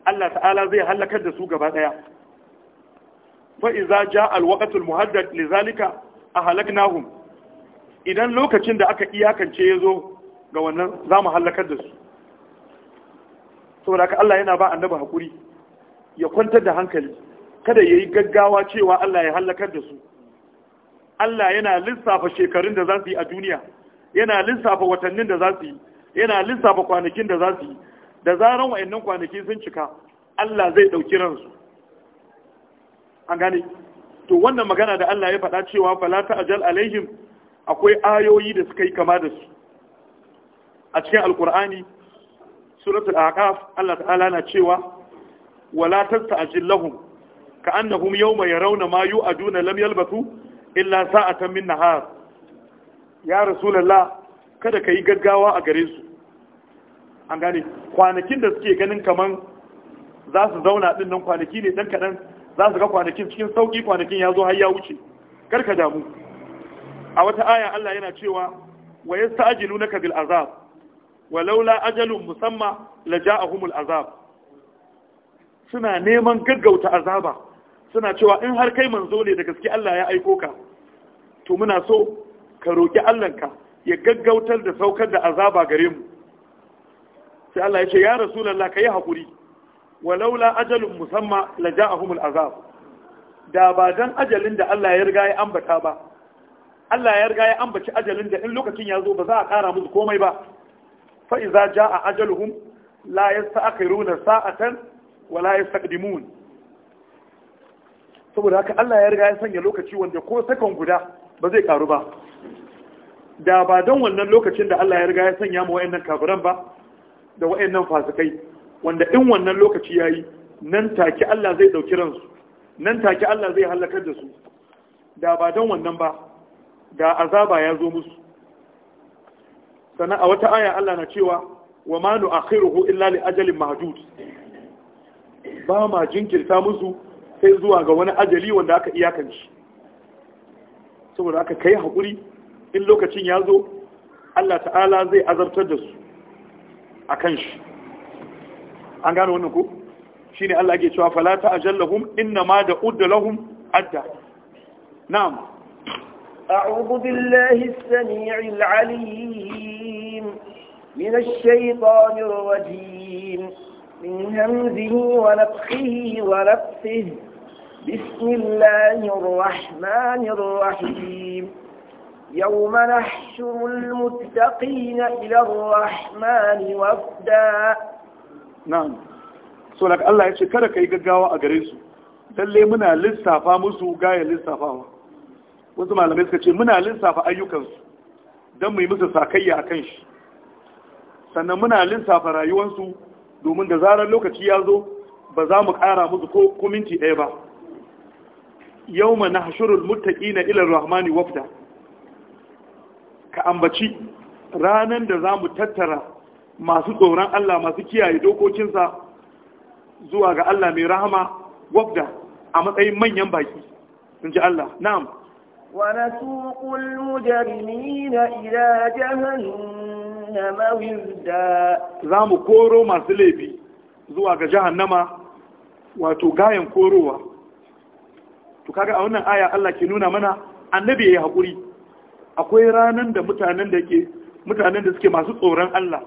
Allah ta'ala zai halakar da su gaba daya fa iza ja alwaqatul muhaddad lizalika ahlaknahum idan lokacin da aka iyakance yazo ga wannan za mu halakar da su saboda ka Allah yana ba annabi hakuri ya kwantar da hankali kada yayi gaggawa cewa Allah ya halakar da su Allah yana lissafa shekarun da za su yi a duniya yana lissafa watannin da za su yi yana lissafa kwanakin da za su yi da zaran wayannan kwanaki sun cika Allah zai ɗauki ransu an gane to wannan magana da Allah ya faɗa cewa fala ajal alaihim akwai ayoyi da suka yi kama da su a cikin alkur'ani suratul aqaf Allah ta'ala na cewa wala tasta'jil lahum ka'annahum yawma yarawna ma yu'aduna lam yalbathu illa sa'atan min nahar ya rasulullah kada kai gaggawa a gare su an gane kwanakin da suke ganin kaman za su zauna din nan kwanaki ne dan kadan za su ga kwanakin cikin sauki kwanakin ya zo har ya wuce kar ka damu a wata aya Allah yana cewa wa yasta'jilunaka bil azab Wa walaula ajalun musamma ja'ahumul azab suna neman gaggauta azaba suna cewa in har kai manzo ne da gaske Allah ya aiko ka to muna so ka roki ka ya gaggautar da saukar da azaba gare mu sai Allah ya ce ya rasulullahi kai hakuri walaula ajalun laja a humul azab da ba don ajalin da Allah ya riga ya ambata ba Allah ya riga ya ambaci ajalin da in lokacin ya zo ba za a kara musu komai ba fa iza jaa ajaluhum la yasta'khiruna sa'atan wa la yastaqdimun saboda haka Allah ya riga ya sanya lokaci wanda ko sakan guda ba zai karu ba da ba don wannan lokacin da Allah ya riga ya sanya ma wayannan kafiran ba da wayannan fasikai wanda in wannan lokaci ya yi, nan take Allah zai dauki ransu nan take Allah zai halakar da su da ba don wannan ba da azaba ya zo musu sannan a wata aya Allah na cewa wa ma akhiruhu illa li ajalin mahdud ba ma jinkirta musu sai zuwa ga wani ajali wanda aka iyakance saboda aka kai hakuri, in lokacin ya zo Allah ta'ala zai azabtar da su a kan shi an gano wannan ko shine Allah yake cewa fala ajallahum inna ma da'udda lahum adda na'am a'udhu billahi as-sami'il 'alim min ash-shaytanir rajim min hamzihi wa nafthihi wa nafthihi بسم الله الرحمن الرحيم يوم نحشر المتقين إلى الرحمن وفداً na'am so Allah ya ce kada ka gaggawa a gare su lalle muna lissafa musu gaya lissafawa wasu malamai suka ce muna lissafa ayyukansu don mu yi musu sakayya a kan shi sannan muna lissafa rayuwarsu domin da zarar lokaci ya zo ba za mu ƙara musu ko kuminti ɗaya ba yau ma na hashirul mutaƙi na ilar rahmani wafda ka ambaci Ranan da za mu tattara masu tsoron Allah masu kiyaye dokokinsa zuwa ga Allah mai rahama wadda a matsayin manyan baki sun ji Allah na'am ila المجرمين إلى Za mu koro masu laifi zuwa ga jahannama, wato gayan korowa to kaga a wannan aya Allah ke nuna mana annabi yi haƙuri. akwai ranan da mutanen da ke mutanen da suke masu tsoron Allah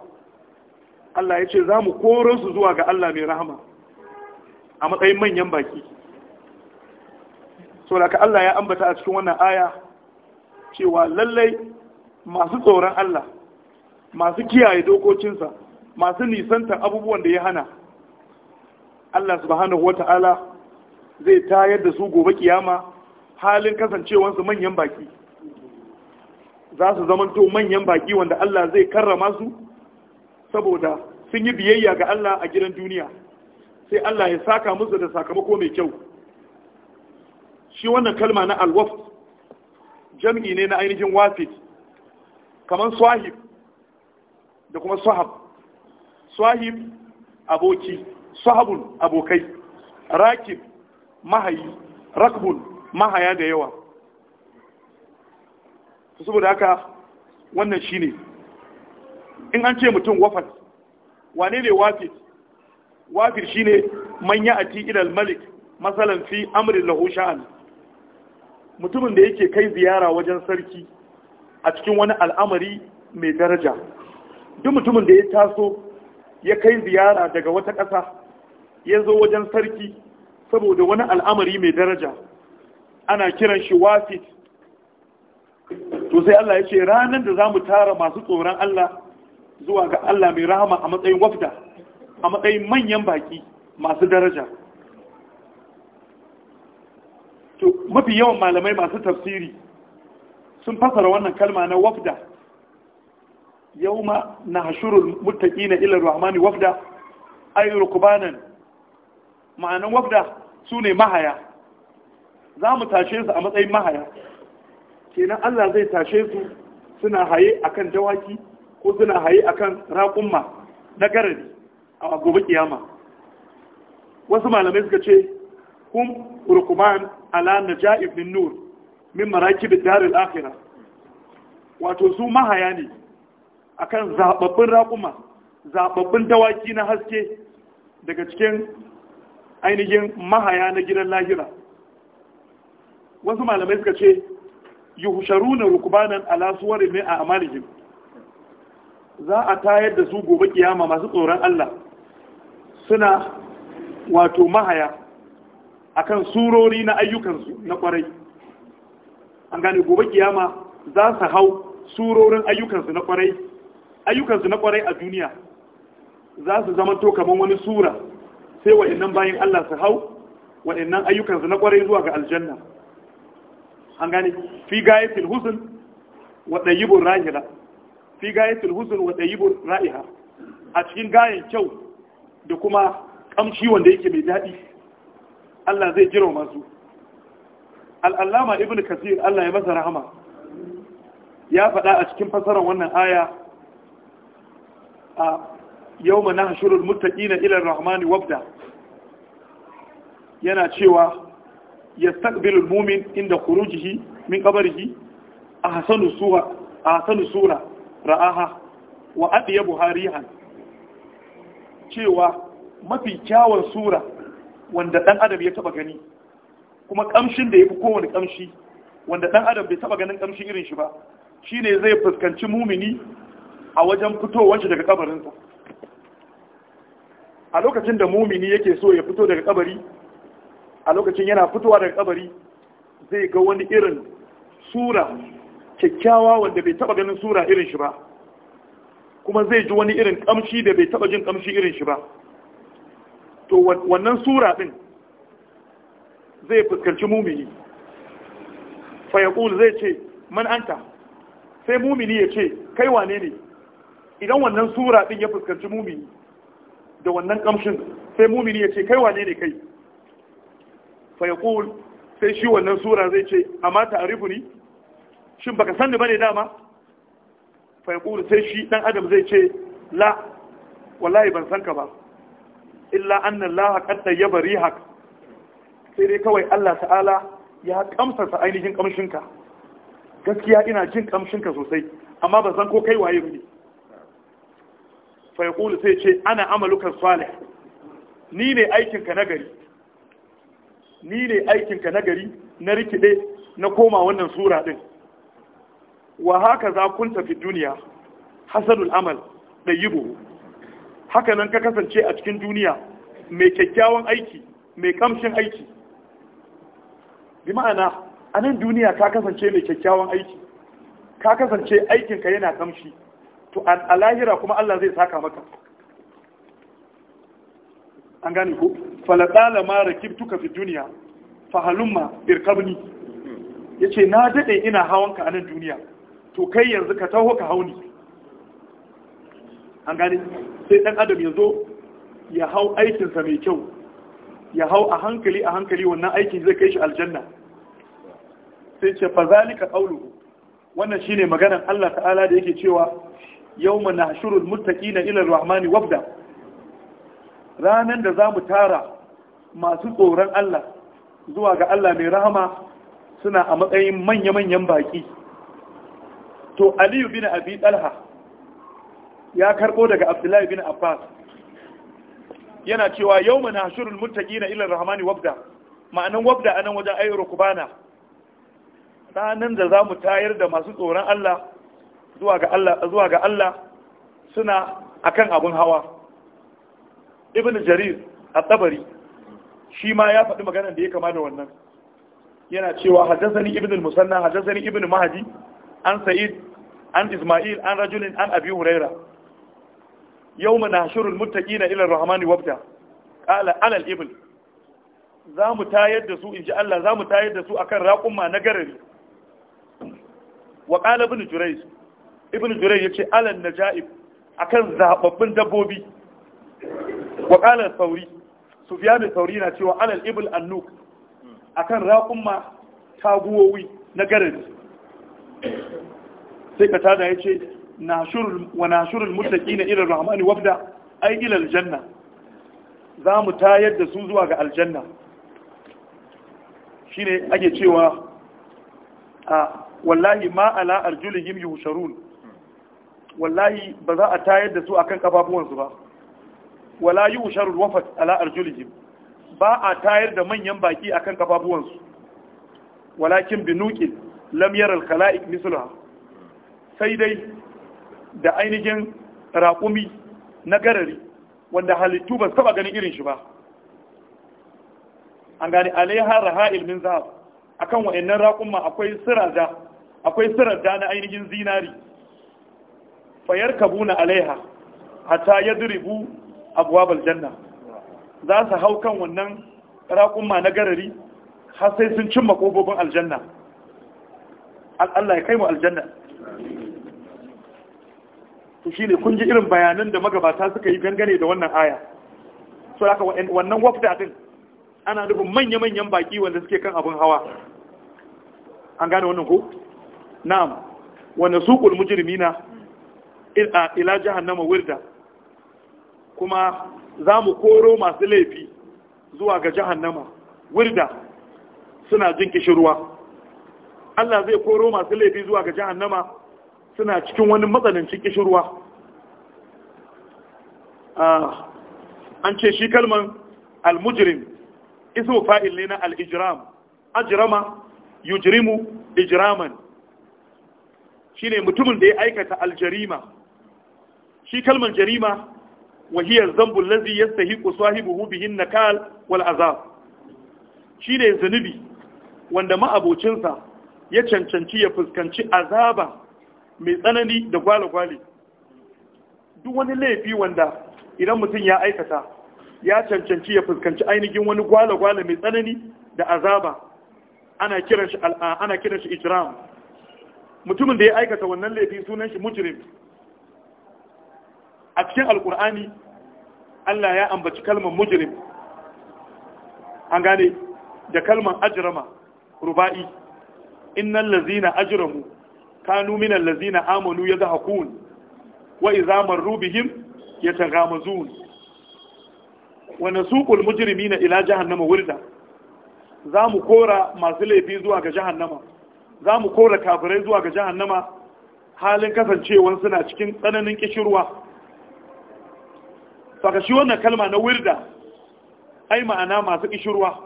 Allah ya ce za mu koron su zuwa ga Allah mai rahama a matsayin manyan baki so da Allah ya ambata a cikin wannan aya cewa lallai masu tsoron Allah masu kiyaye dokokinsa masu nisantar abubuwan da ya hana Allah subhanahu Ta'ala zai tayar da su gobe kiyama halin kasancewansu manyan baki za su zamanto manyan baki wanda Allah zai karrama su saboda sun yi biyayya ga Allah a gidan duniya sai Allah ya saka musu da sakamako mai kyau shi wannan kalma na alwaf jam'i ne na ainihin wafid kamar swahib da kuma swahab swahib aboki swahabun abokai rakib mahayi rakbun mahaya da yawa saboda haka wannan shine in an ce mutum wafat wane ne wafit wafit shine ne manya ati ilal malik masalan fi amrin lahu sha'an mutumin da yake kai ziyara wajen sarki a cikin wani al'amari mai daraja duk mutumin da ya taso ya kai ziyara daga wata ƙasa ya zo wajen sarki saboda wani al'amari mai daraja ana kiran shi wafit to sai Allah ya ce ranar da za mu tara masu tsoron Allah zuwa ga Allah mai rahama a matsayin wafda a matsayin manyan baki masu daraja to mafi yawan malamai masu tafsiri sun fasara wannan kalma na wafda na hashurul mutaki na ilar rahmani wafda ay kubanan ma'anan wafda ne mahaya za mu tashe su a matsayin mahaya kenan Allah zai tashe su suna haye akan dawaki ko suna haye akan raƙumma na garari a gobe kiyama wasu malamai suka ce kun rukuman ala ja'ib min nur min da darin akhirah wato su mahaya ne a kan zababbin raƙuma zababbin dawaki na haske daga cikin ainihin mahaya na gidan lahira wasu malamai suka ce na rukbanan alasuwar ne a a'malihim za a tayar da su gobe kiyama masu tsoron Allah suna wato mahaya kan surori na ayyukansu na kwarai an gane gobe kiyama za su hau surorin ayyukansu na kwarai ayyukansu na kwarai a duniya za su zama to kamar wani sura sai waɗannan bayan Allah su hau waɗannan ayyukansu na kwarai zuwa ga aljanna an gane fi gayyafin husn wa dayyibur rahila fi gayatul huzn wa tayyibur ra'iha a cikin gayen kyau da kuma kamshi wanda yake mai daɗi Allah zai jira masu al'allama ibn kasir Allah ya masa rahama ya faɗa a cikin fasarar wannan aya a yau mana hashirul mutaƙina ilar rahmani wabda yana cewa ya staƙbilul mumin inda kurujihi min ƙabarihi a hasanu sura ra'aha wa adiya buharihan cewa mafi kyawun sura wanda dan adam ya taba gani kuma kamshin da yafi kowane kamshi wanda dan adam bai taba ganin kamshin irin shi ba shine zai fuskanci mumini a wajen fitowar shi daga kabarinsa a lokacin da mumini yake so ya fito daga kabari a lokacin yana fitowa daga kabari zai ga wani irin sura kyakkyawa wanda bai taba ganin sura irin shi ba kuma zai ji wani irin kamshi da bai taba jin kamshi irin shi ba to wannan sura din zai fuskanci mumini fayaqul zai ce man anta sai mumini ya ce kai wane ne idan wannan sura din ya fuskanci mumini da wannan kamshin sai mumini ya ce kai wane ne kai fayaqul sai shi wannan sura zai ce amma ta'rifu ni shin baka sani bane dama fa yaqulu sai shi dan adam zai ce la wallahi ban san ka ba illa anna Allah qad tayyaba rihak sai dai kawai Allah ta'ala ya kamsa sa ainihin kamshin ka gaskiya ina jin kamshin ka sosai amma ban san ko kai waye ne fa yaqulu sai ce ana amaluka salih ni ne aikin ka nagari ni ne aikin ka nagari na rikide na koma wannan sura din wa haka za kunta fi duniya hasanul amal ɗayyibu haka nan ka kasance a cikin duniya mai kyakkyawan aiki mai kamshin aiki bi ma'ana a nan duniya ka kasance mai kyakkyawan aiki ka kasance aikinka yana kamshi to a lahira kuma Allah zai saka maka an gane ko falatala ma rakibtuka fi duniya fahalumma irkabni yace na dade ina hawanka a nan duniya to kai yanzu ka taho ka hauni an gani sai ɗan adam ya zo ya hau aikinsa mai kyau ya hau a hankali a hankali wannan aikin zai kai shi aljanna sai ce fa zalika qawluhu wannan shine maganar Allah ta'ala da yake cewa yawma nahshurul muttaqina ila ar-rahmani wafda ranan da zamu tara masu tsoron Allah zuwa ga Allah mai rahama suna a matsayin manya-manyan baki to aliyu bin abi ya karbo daga abdullahi bin abbas yana cewa yau mana shirin mutaki na ilar wabda ma'anin wabda a nan wajen ayyar kubana ranar da za mu tayar da masu tsoron allah zuwa ga allah suna akan abin hawa ibn jarir a tsabari shi ma ya faɗi maganar da ya kama da wannan yana cewa haddasani ibn al-musanna haddasani ibn mahdi an sa'id an isma'il an rajulin an abi huraira yawma nahshurul muttaqina ila ar-rahmani wabda qala ala al-ibl za mu tayar da su inji Allah za mu tayar da su akan raƙumma na garari wa qala ibn jurayz ibn jurayz yace ala najaib akan zababbin dabbobi wa qala sauri sufyan sauri na cewa ala al-ibl an-nuk akan raƙumma taguwowi na garari sai ka tada ya ce wa nashurul na irin rahmani wafda ai ila aljanna za mu tayar da sun zuwa ga aljanna Shi shine ake cewa a wallahi ma ala arjulihim yusharun wallahi ba za a tayar da su akan kafafuwansu ba wala yusharul wafat ala arjulihim ba a tayar da manyan baki akan kafafuwansu walakin binuqil lam yara al-khala'iq sai dai da ainihin raƙumi na garari wanda halittu ba su ganin irin shi ba an gani alaiha raha'il min zahab akan wa'annan raƙumma akwai sirada akwai sirada na ainihin zinari fayar kabuna alaiha hatta yadribu abwabal janna za su hau kan wannan raƙumma na garari har sai sun cimma ƙofofin aljanna Allah ya kai mu aljanna to shine kun ji irin bayanan da magabata suka yi gangane da wannan aya so haka wannan wafda din ana nufin manya-manyan baki wanda suke kan abin hawa an gane wannan ko na'am wanda suqul mujrimina ila jahannama wirda kuma za mu koro masu laifi zuwa ga jahannama wirda suna jin kishirwa Allah zai koro masu laifi zuwa ga jahannama suna cikin wani matsanancin kishirwa ah, an ce shi kalman al-mujrim ismu fa'il ne na al-ijram ajrama yujrimu ijraman shine mutumin da ya aikata al-jarima shi kalman jarima wahiyar zambul lazi yastahiqu sahibuhu bihin nakal wal azab shine zunubi wanda ma'abocinsa ya cancanci ya fuskanci azaba mai tsanani da gwale-gwale duk wani laifi wanda idan mutum ya aikata ya cancanci ya fuskanci ainihin wani gwale-gwale mai tsanani da azaba ana kiran shi ana kiran shi ijram mutumin da ya aikata wannan laifi sunan shi mujrim a cikin alkur'ani Allah ya ambaci kalmar mujrim an gane da kalmar ajrama ruba'i innal ladzina ajramu kanu min allazina amanu yadhakun wa idza marru bihim yataghamazun wa nasuqul mujrimina ila jahannama wurda za mu kora masu laifi zuwa ga jahannama za mu kora kafirai zuwa ga jahannama halin kasancewa suna cikin tsananin kishirwa saka shi wannan kalma na wurda, ai ma'ana masu kishirwa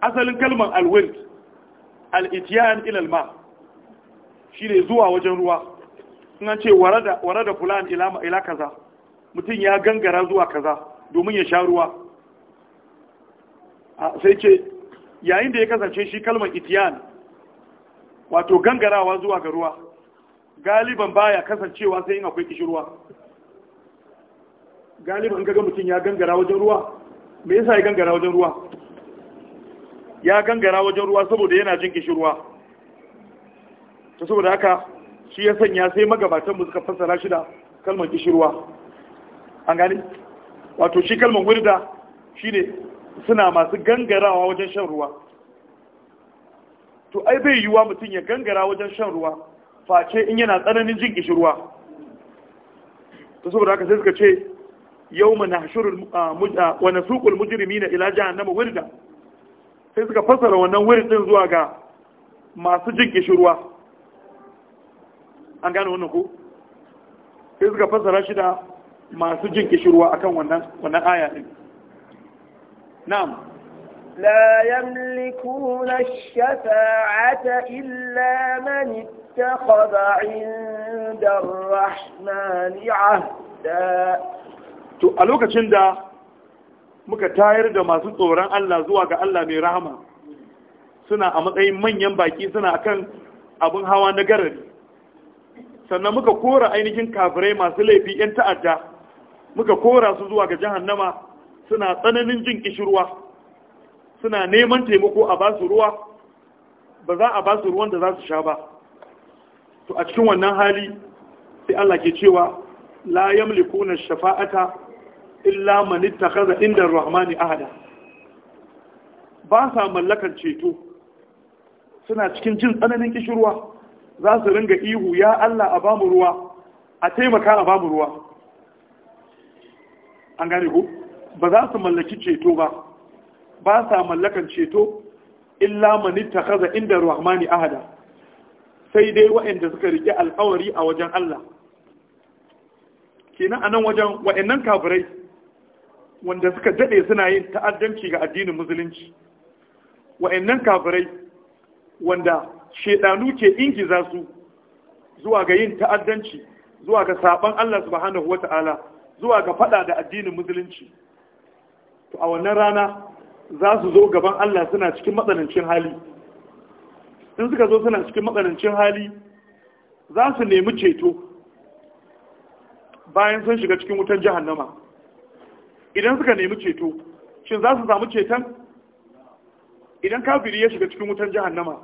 asalin kalman alwird al-itiyan ila al-ma' shi ne zuwa wajen ruwa suna ce ware da fulan ila kaza mutum ya gangara zuwa kaza domin ya sha ruwa sai ce yayin da ya kasance shi kalmar itiyan wato gangarawa zuwa ga ruwa galiban baya kasancewa sai yin akwai kishirwa galiban gaga mutum ya gangara wajen ruwa me yasa ya gangara wajen ruwa ya gangara wajen ruwa saboda yana jin kishirwa to saboda haka shi ya sanya sai magabatan mu suka fassara shi da kalmar kishirwa an gani wato shi kalmar wirda shine suna masu gangarawa wajen shan ruwa to ai bai yiwa mutum ya gangara wajen shan ruwa face in yana tsananin jin kishirwa to saboda haka sai suka ce yawma nahshurul ah, ah, wa nasuqul mujrimina ila jahannama wirda sai suka fassara wannan wirdin zuwa ga masu jin kishirwa an gane wannan ko sai suka fassara shi masu jin kishirwa akan wannan wannan aya din na'am la yamlikuna ash-shafa'ata illa man ittakhadha 'inda ar-rahmani 'ahda to a lokacin da muka tayar da masu tsoron Allah zuwa ga Allah mai rahama suna a matsayin manyan baki suna akan abin hawa na garari sannan muka kora ainihin kafirai masu laifi 'yan ta'adda muka kora su zuwa ga jahannama suna tsananin jin kishirwa suna neman taimako a basu ruwa ba za a basu ruwan da za su sha ba to a cikin wannan hali sai Allah ke cewa la yamlikuna shafa'ata illa man ittakhadha inda ar-rahmani ahada ba sa mallakar ceto suna cikin jin tsananin kishirwa za su ringa ihu ya Allah a bamu ruwa a taimaka a bamu ruwa an gane ku ba za su mallaki ceto ba ba sa mallakan ceto illa mani kaza inda rahmani ahada sai dai waɗanda suka rike alkawari a wajen Allah kenan anan wajen wa'annan kafirai wanda suka dade suna yin ta'addanci ga addinin musulunci waɗannan kafirai wanda shedanu ke ingiza su zuwa ga yin ta'addanci zuwa ga saban Allah subhanahu wata'ala zuwa ga fada da addinin musulunci to a wannan rana za su zo gaban Allah suna cikin matsanancin hali in suka zo suna cikin matsanancin hali za su nemi ceto bayan sun shiga cikin wutan jahannama idan suka nemi ceto shin za su samu ceton idan kafiri ya shiga cikin wutan jahannama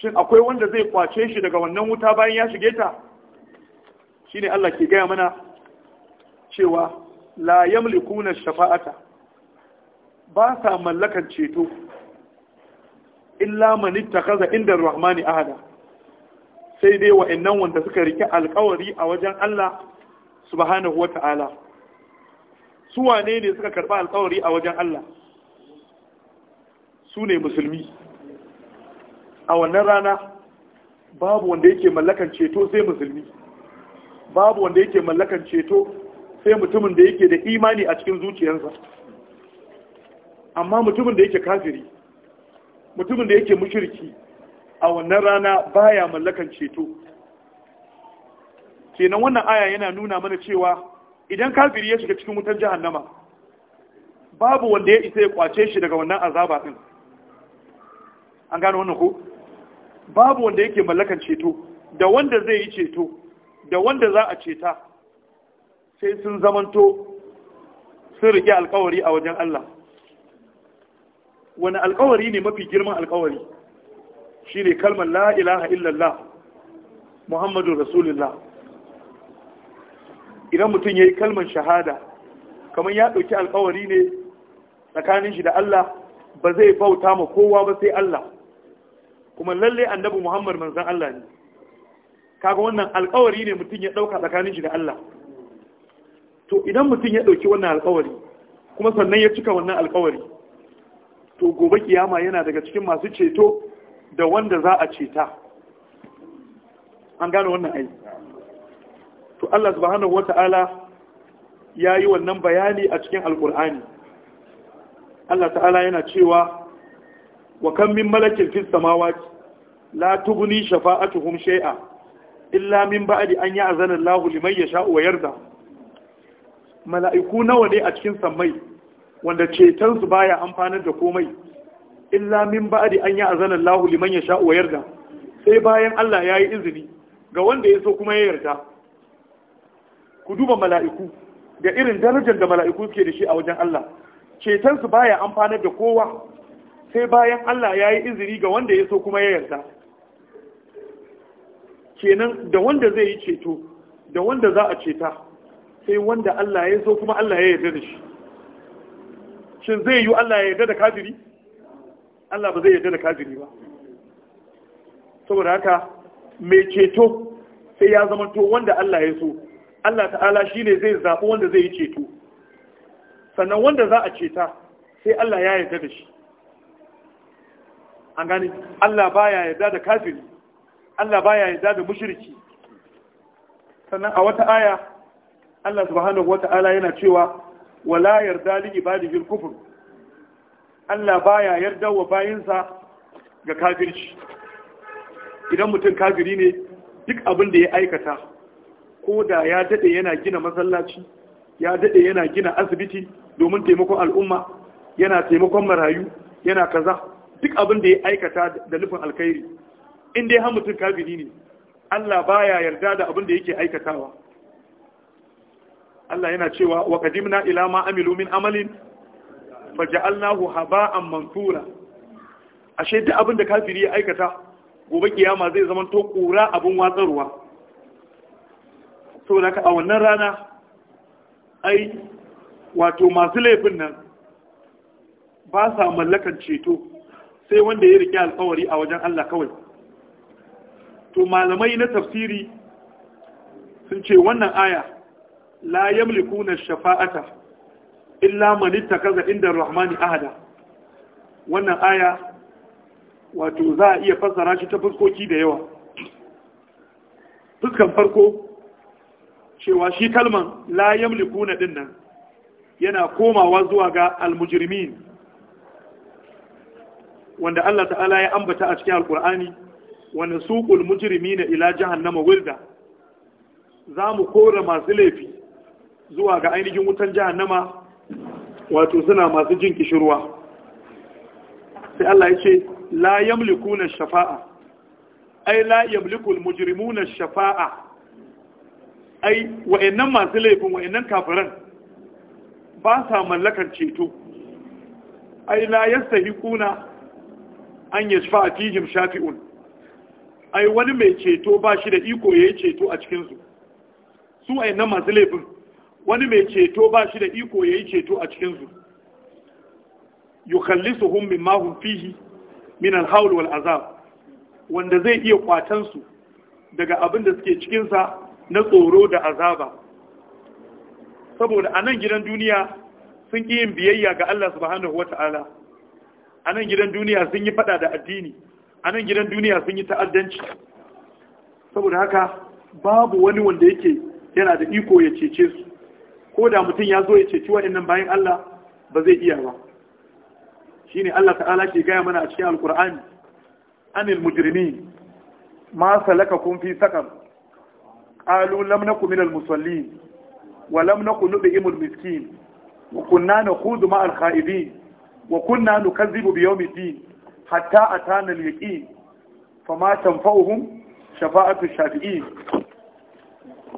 shin akwai wanda zai kwace shi daga wannan wuta bayan ya shige ta shine Allah ke gaya mana cewa la yamlikuna shafa'ata ba sa mallakan ceto illa man ittakaza inda rahmani ahada sai dai wa'annan wanda suka rike alkawari a wajen Allah subhanahu wata'ala su wane ne suka karba alkawari a wajen Allah su ne musulmi a wannan rana babu wanda yake mallakan ceto sai musulmi babu wanda yake mallakan ceto sai mutumin da yake da imani a cikin zuciyarsa amma mutumin da yake kafiri mutumin da yake mushirki a wannan rana baya mallakan ceto kenan wannan aya yana nuna mana cewa idan kafiri ya shiga cikin wutar jahannama babu wanda ya isa ya kwace shi daga wannan azaba din an gano wannan ko babu wanda yake mallakan ceto da wanda zai yi ceto da wanda za a ceta sai sun zamanto sun riƙe alkawari a wajen Allah wani alkawari ne mafi girman alkawari ne kalmar la ilaha illallah Muhammadu rasulullah idan mutum ya yi kalmar shahada kamar ya ɗauki alkawari ne tsakanin shi da Allah ba zai bauta ma kowa ba sai Allah kuma lalle annabi Muhammad manzon Allah ne kaga wannan alƙawari ne mutum ya dauka tsakanin shi da Allah to idan mutum ya dauki wannan alƙawari kuma sannan ya cika wannan alƙawari to gobe kiyama yana daga cikin masu ceto da wanda za a ceta an gane wannan ai to Allah subhanahu wata'ala ya wannan bayani a cikin alƙur'ani Allah ta'ala yana cewa wa kan min malakin fis samawati la tughni shafa'atuhum shay'a illa min ba'di an ya'zana Allahu liman yasha'u wa yarda mala'iku nawa ne a cikin samai wanda ceton su baya amfanar da komai illa min ba'di an ya'zana Allahu liman yasha'u wa yarda sai bayan Allah yayi izini ga wanda ya so kuma ya yarda ku duba mala'iku da irin darajar da mala'iku suke da shi a wajen Allah ceton su baya amfanar da kowa sai bayan Allah ya yi iziri ga wanda ya so kuma ya yarda kenan da wanda zai yi ceto da wanda za a ceta sai wanda Allah ya so kuma Allah ya yarda da shi shin zai yi Allah ya yarda da kafiri Allah ba zai yarda da kafiri ba saboda haka mai ceto sai ya zama to wanda Allah ya so Allah ta'ala shi ne zai zaɓi wanda zai yi ceto sannan wanda za a ceta sai Allah ya yarda da shi an gani Allah baya yarda da kafiri Allah baya yarda da mushriki sannan a wata aya Allah subhanahu wata'ala yana cewa wala yarda li ibadihi al-kufr Allah baya yarda wa bayinsa ga kafirci idan mutum kafiri ne duk abin da ya aikata ko da ya dade yana gina masallaci ya dade yana gina asibiti domin taimakon al'umma yana taimakon marayu yana kaza duk abin da ya aikata da nufin alkhairi in dai har mutum kafiri ne Allah baya yarda da abin da yake aikatawa Allah yana cewa wa qadimna ila ma amilu min amalin faja'alnahu haba'an mansura ashe duk abin da kafiri ya aikata gobe kiyama zai zama to kura abin watsarwa to naka a wannan rana ai wato masu laifin nan ba sa mallakan ceto sai wanda ya rike alkawari a wajen Allah kawai to malamai na tafsiri sun ce wannan aya la yamlikuna shafa'ata illa man ittakaza inda rahmani ahada wannan aya wato za a iya fassara shi ta fuskoki da yawa fuskan farko cewa shi kalman la yamlikuna dinnan yana komawa zuwa ga almujrimin wanda Allah ta'ala ya ambata a cikin alkur'ani wanda suqul na ila jahannama wilda za mu kora masu laifi zuwa ga ainihin wutan jahannama wato suna masu jin kishirwa sai Allah ya ce la yamlikuna shafa'a ai la yamlikul mujrimuna shafa'a ai wa'annan masu laifin wa'annan kafiran ba sa mallakar ceto ai la yastahiquna an a fihim shafi'un ai wani mai ceto ba shi da iko ya yi ceto a cikin su su ai na masu laifin wani mai ceto ba shi da iko ya yi ceto a cikin su kalli su mahun fihi min alhawar wal azab wanda zai iya kwatansu daga abin da suke cikinsa na tsoro da azaba saboda a nan gidan duniya sun ƙi yin biyayya ga Allah subhanahu Ta'ala. a nan gidan duniya sun yi fada da addini a nan gidan duniya sun yi ta'addanci saboda haka babu wani wanda yake yana da iko ya cece su ko da mutum ya zo ya ceci waɗannan bayan Allah ba zai iya ba Shi ne Allah ta'ala ke gaya mana a cikin alkur'ani anil mujrimin ma salaka kun fi saqam qalu lam nakum minal musallin wa lam nakum nud'imul miskin wa kunna nakhudhu ma'al kha'idin wa kunna nukazzibu bi yawmi din hatta atana al-yaqin fama tanfa'uhum shafa'atu shafi'in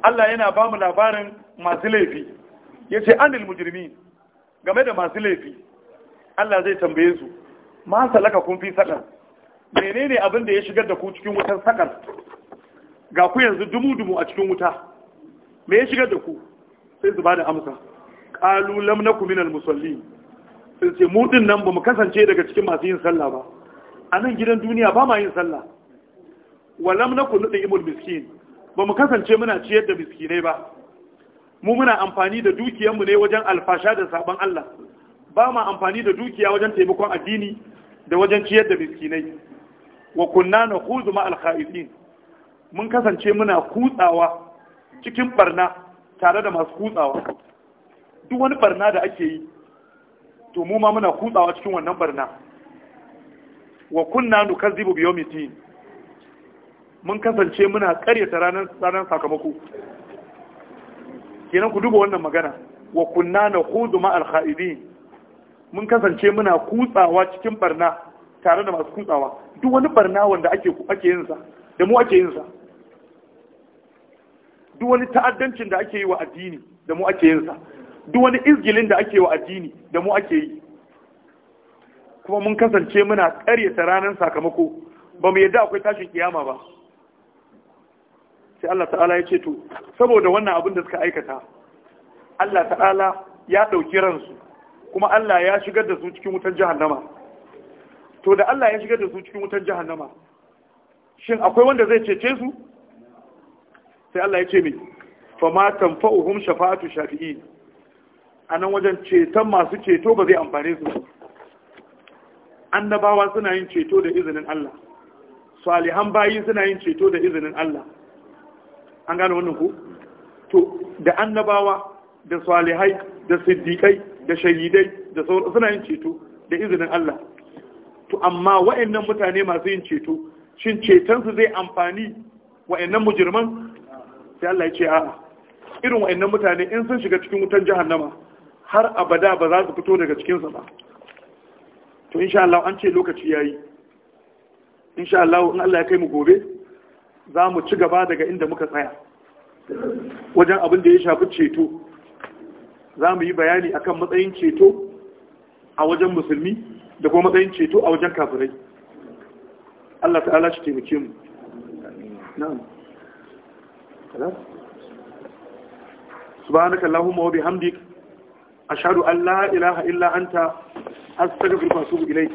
Allah yana ba mu labarin masu laifi yace anil mujrimin game da masu laifi Allah zai tambaye su ma salaka kun fi sakar menene abin da ya shigar da ku cikin wutar sakar ga ku yanzu dumu-dumu a cikin wuta me ya shigar da ku sai su ba da amsa qalu lam na kuminal musallin sai mu din nan ba mu kasance daga cikin masu yin sallah ba a nan gidan duniya ba ma yin sallah walam na kullu da imul miskin ba mu kasance muna ciyar da miskinai ba mu muna amfani da dukiyarmu ne wajen alfasha da sabon Allah ba ma amfani da dukiya wajen taimakon addini da wajen ciyar da miskinai wa kunna na huzu ma khaifin mun kasance muna kutsawa cikin barna tare da masu kutsawa duk wani barna da ake yi to mu ma muna kutsawa cikin wannan barna wa kunna nukazzibu bi yawmiddin mun kasance muna karyata ranar ranar sakamako kenan ku duba wannan magana wa kunna nakhudu ma al-kha'idin mun kasance muna kutsawa cikin barna tare da masu kutsawa duk wani barna wanda ake ake yin sa da mu ake yin sa duk wani ta'addancin da ake yi wa addini da mu ake yin sa duk wani izgilin da ake wa addini da mu ake yi kuma mun kasance muna karyata ranar sakamako ba mu yadda akwai tashin kiyama ba sai Allah ta'ala ya ce to saboda wannan abin da suka aikata Allah ta'ala ya ɗauki ransu kuma Allah ya shigar da su cikin wutar jahannama to da Allah ya shigar da su cikin wutar jahannama shin akwai wanda zai cece su sai Allah ya ce mai fa ma tanfa'uhum shafa'atu shafi'in a nan wajen ceton masu ceto ba zai amfane su annabawa suna yin ceto da izinin Allah salihan bayi suna yin ceto da izinin Allah an gane wannan ku to da annabawa da salihai da siddiqai da shahidai da sauran suna yin ceto da izinin Allah to amma wa'annan mutane masu yin ceto shin ceton su zai amfani wa'annan mujirman sai Allah ya ce a'a irin wa'annan mutane in sun shiga cikin wutan jahannama har abada ba za su fito daga cikinsa ba to insha Allah an ce lokaci yayi insha Allah in Allah ya kai mu gobe za mu ci gaba daga inda muka tsaya wajen abin da ya shafi ceto za mu yi bayani akan matsayin ceto a wajen musulmi da kuma matsayin ceto a wajen kafirai Allah ta'ala shi taimake mu na'am اللهم وبحمدك wa A an la ilaha illa anta astaghfiruka wa atubu ilai.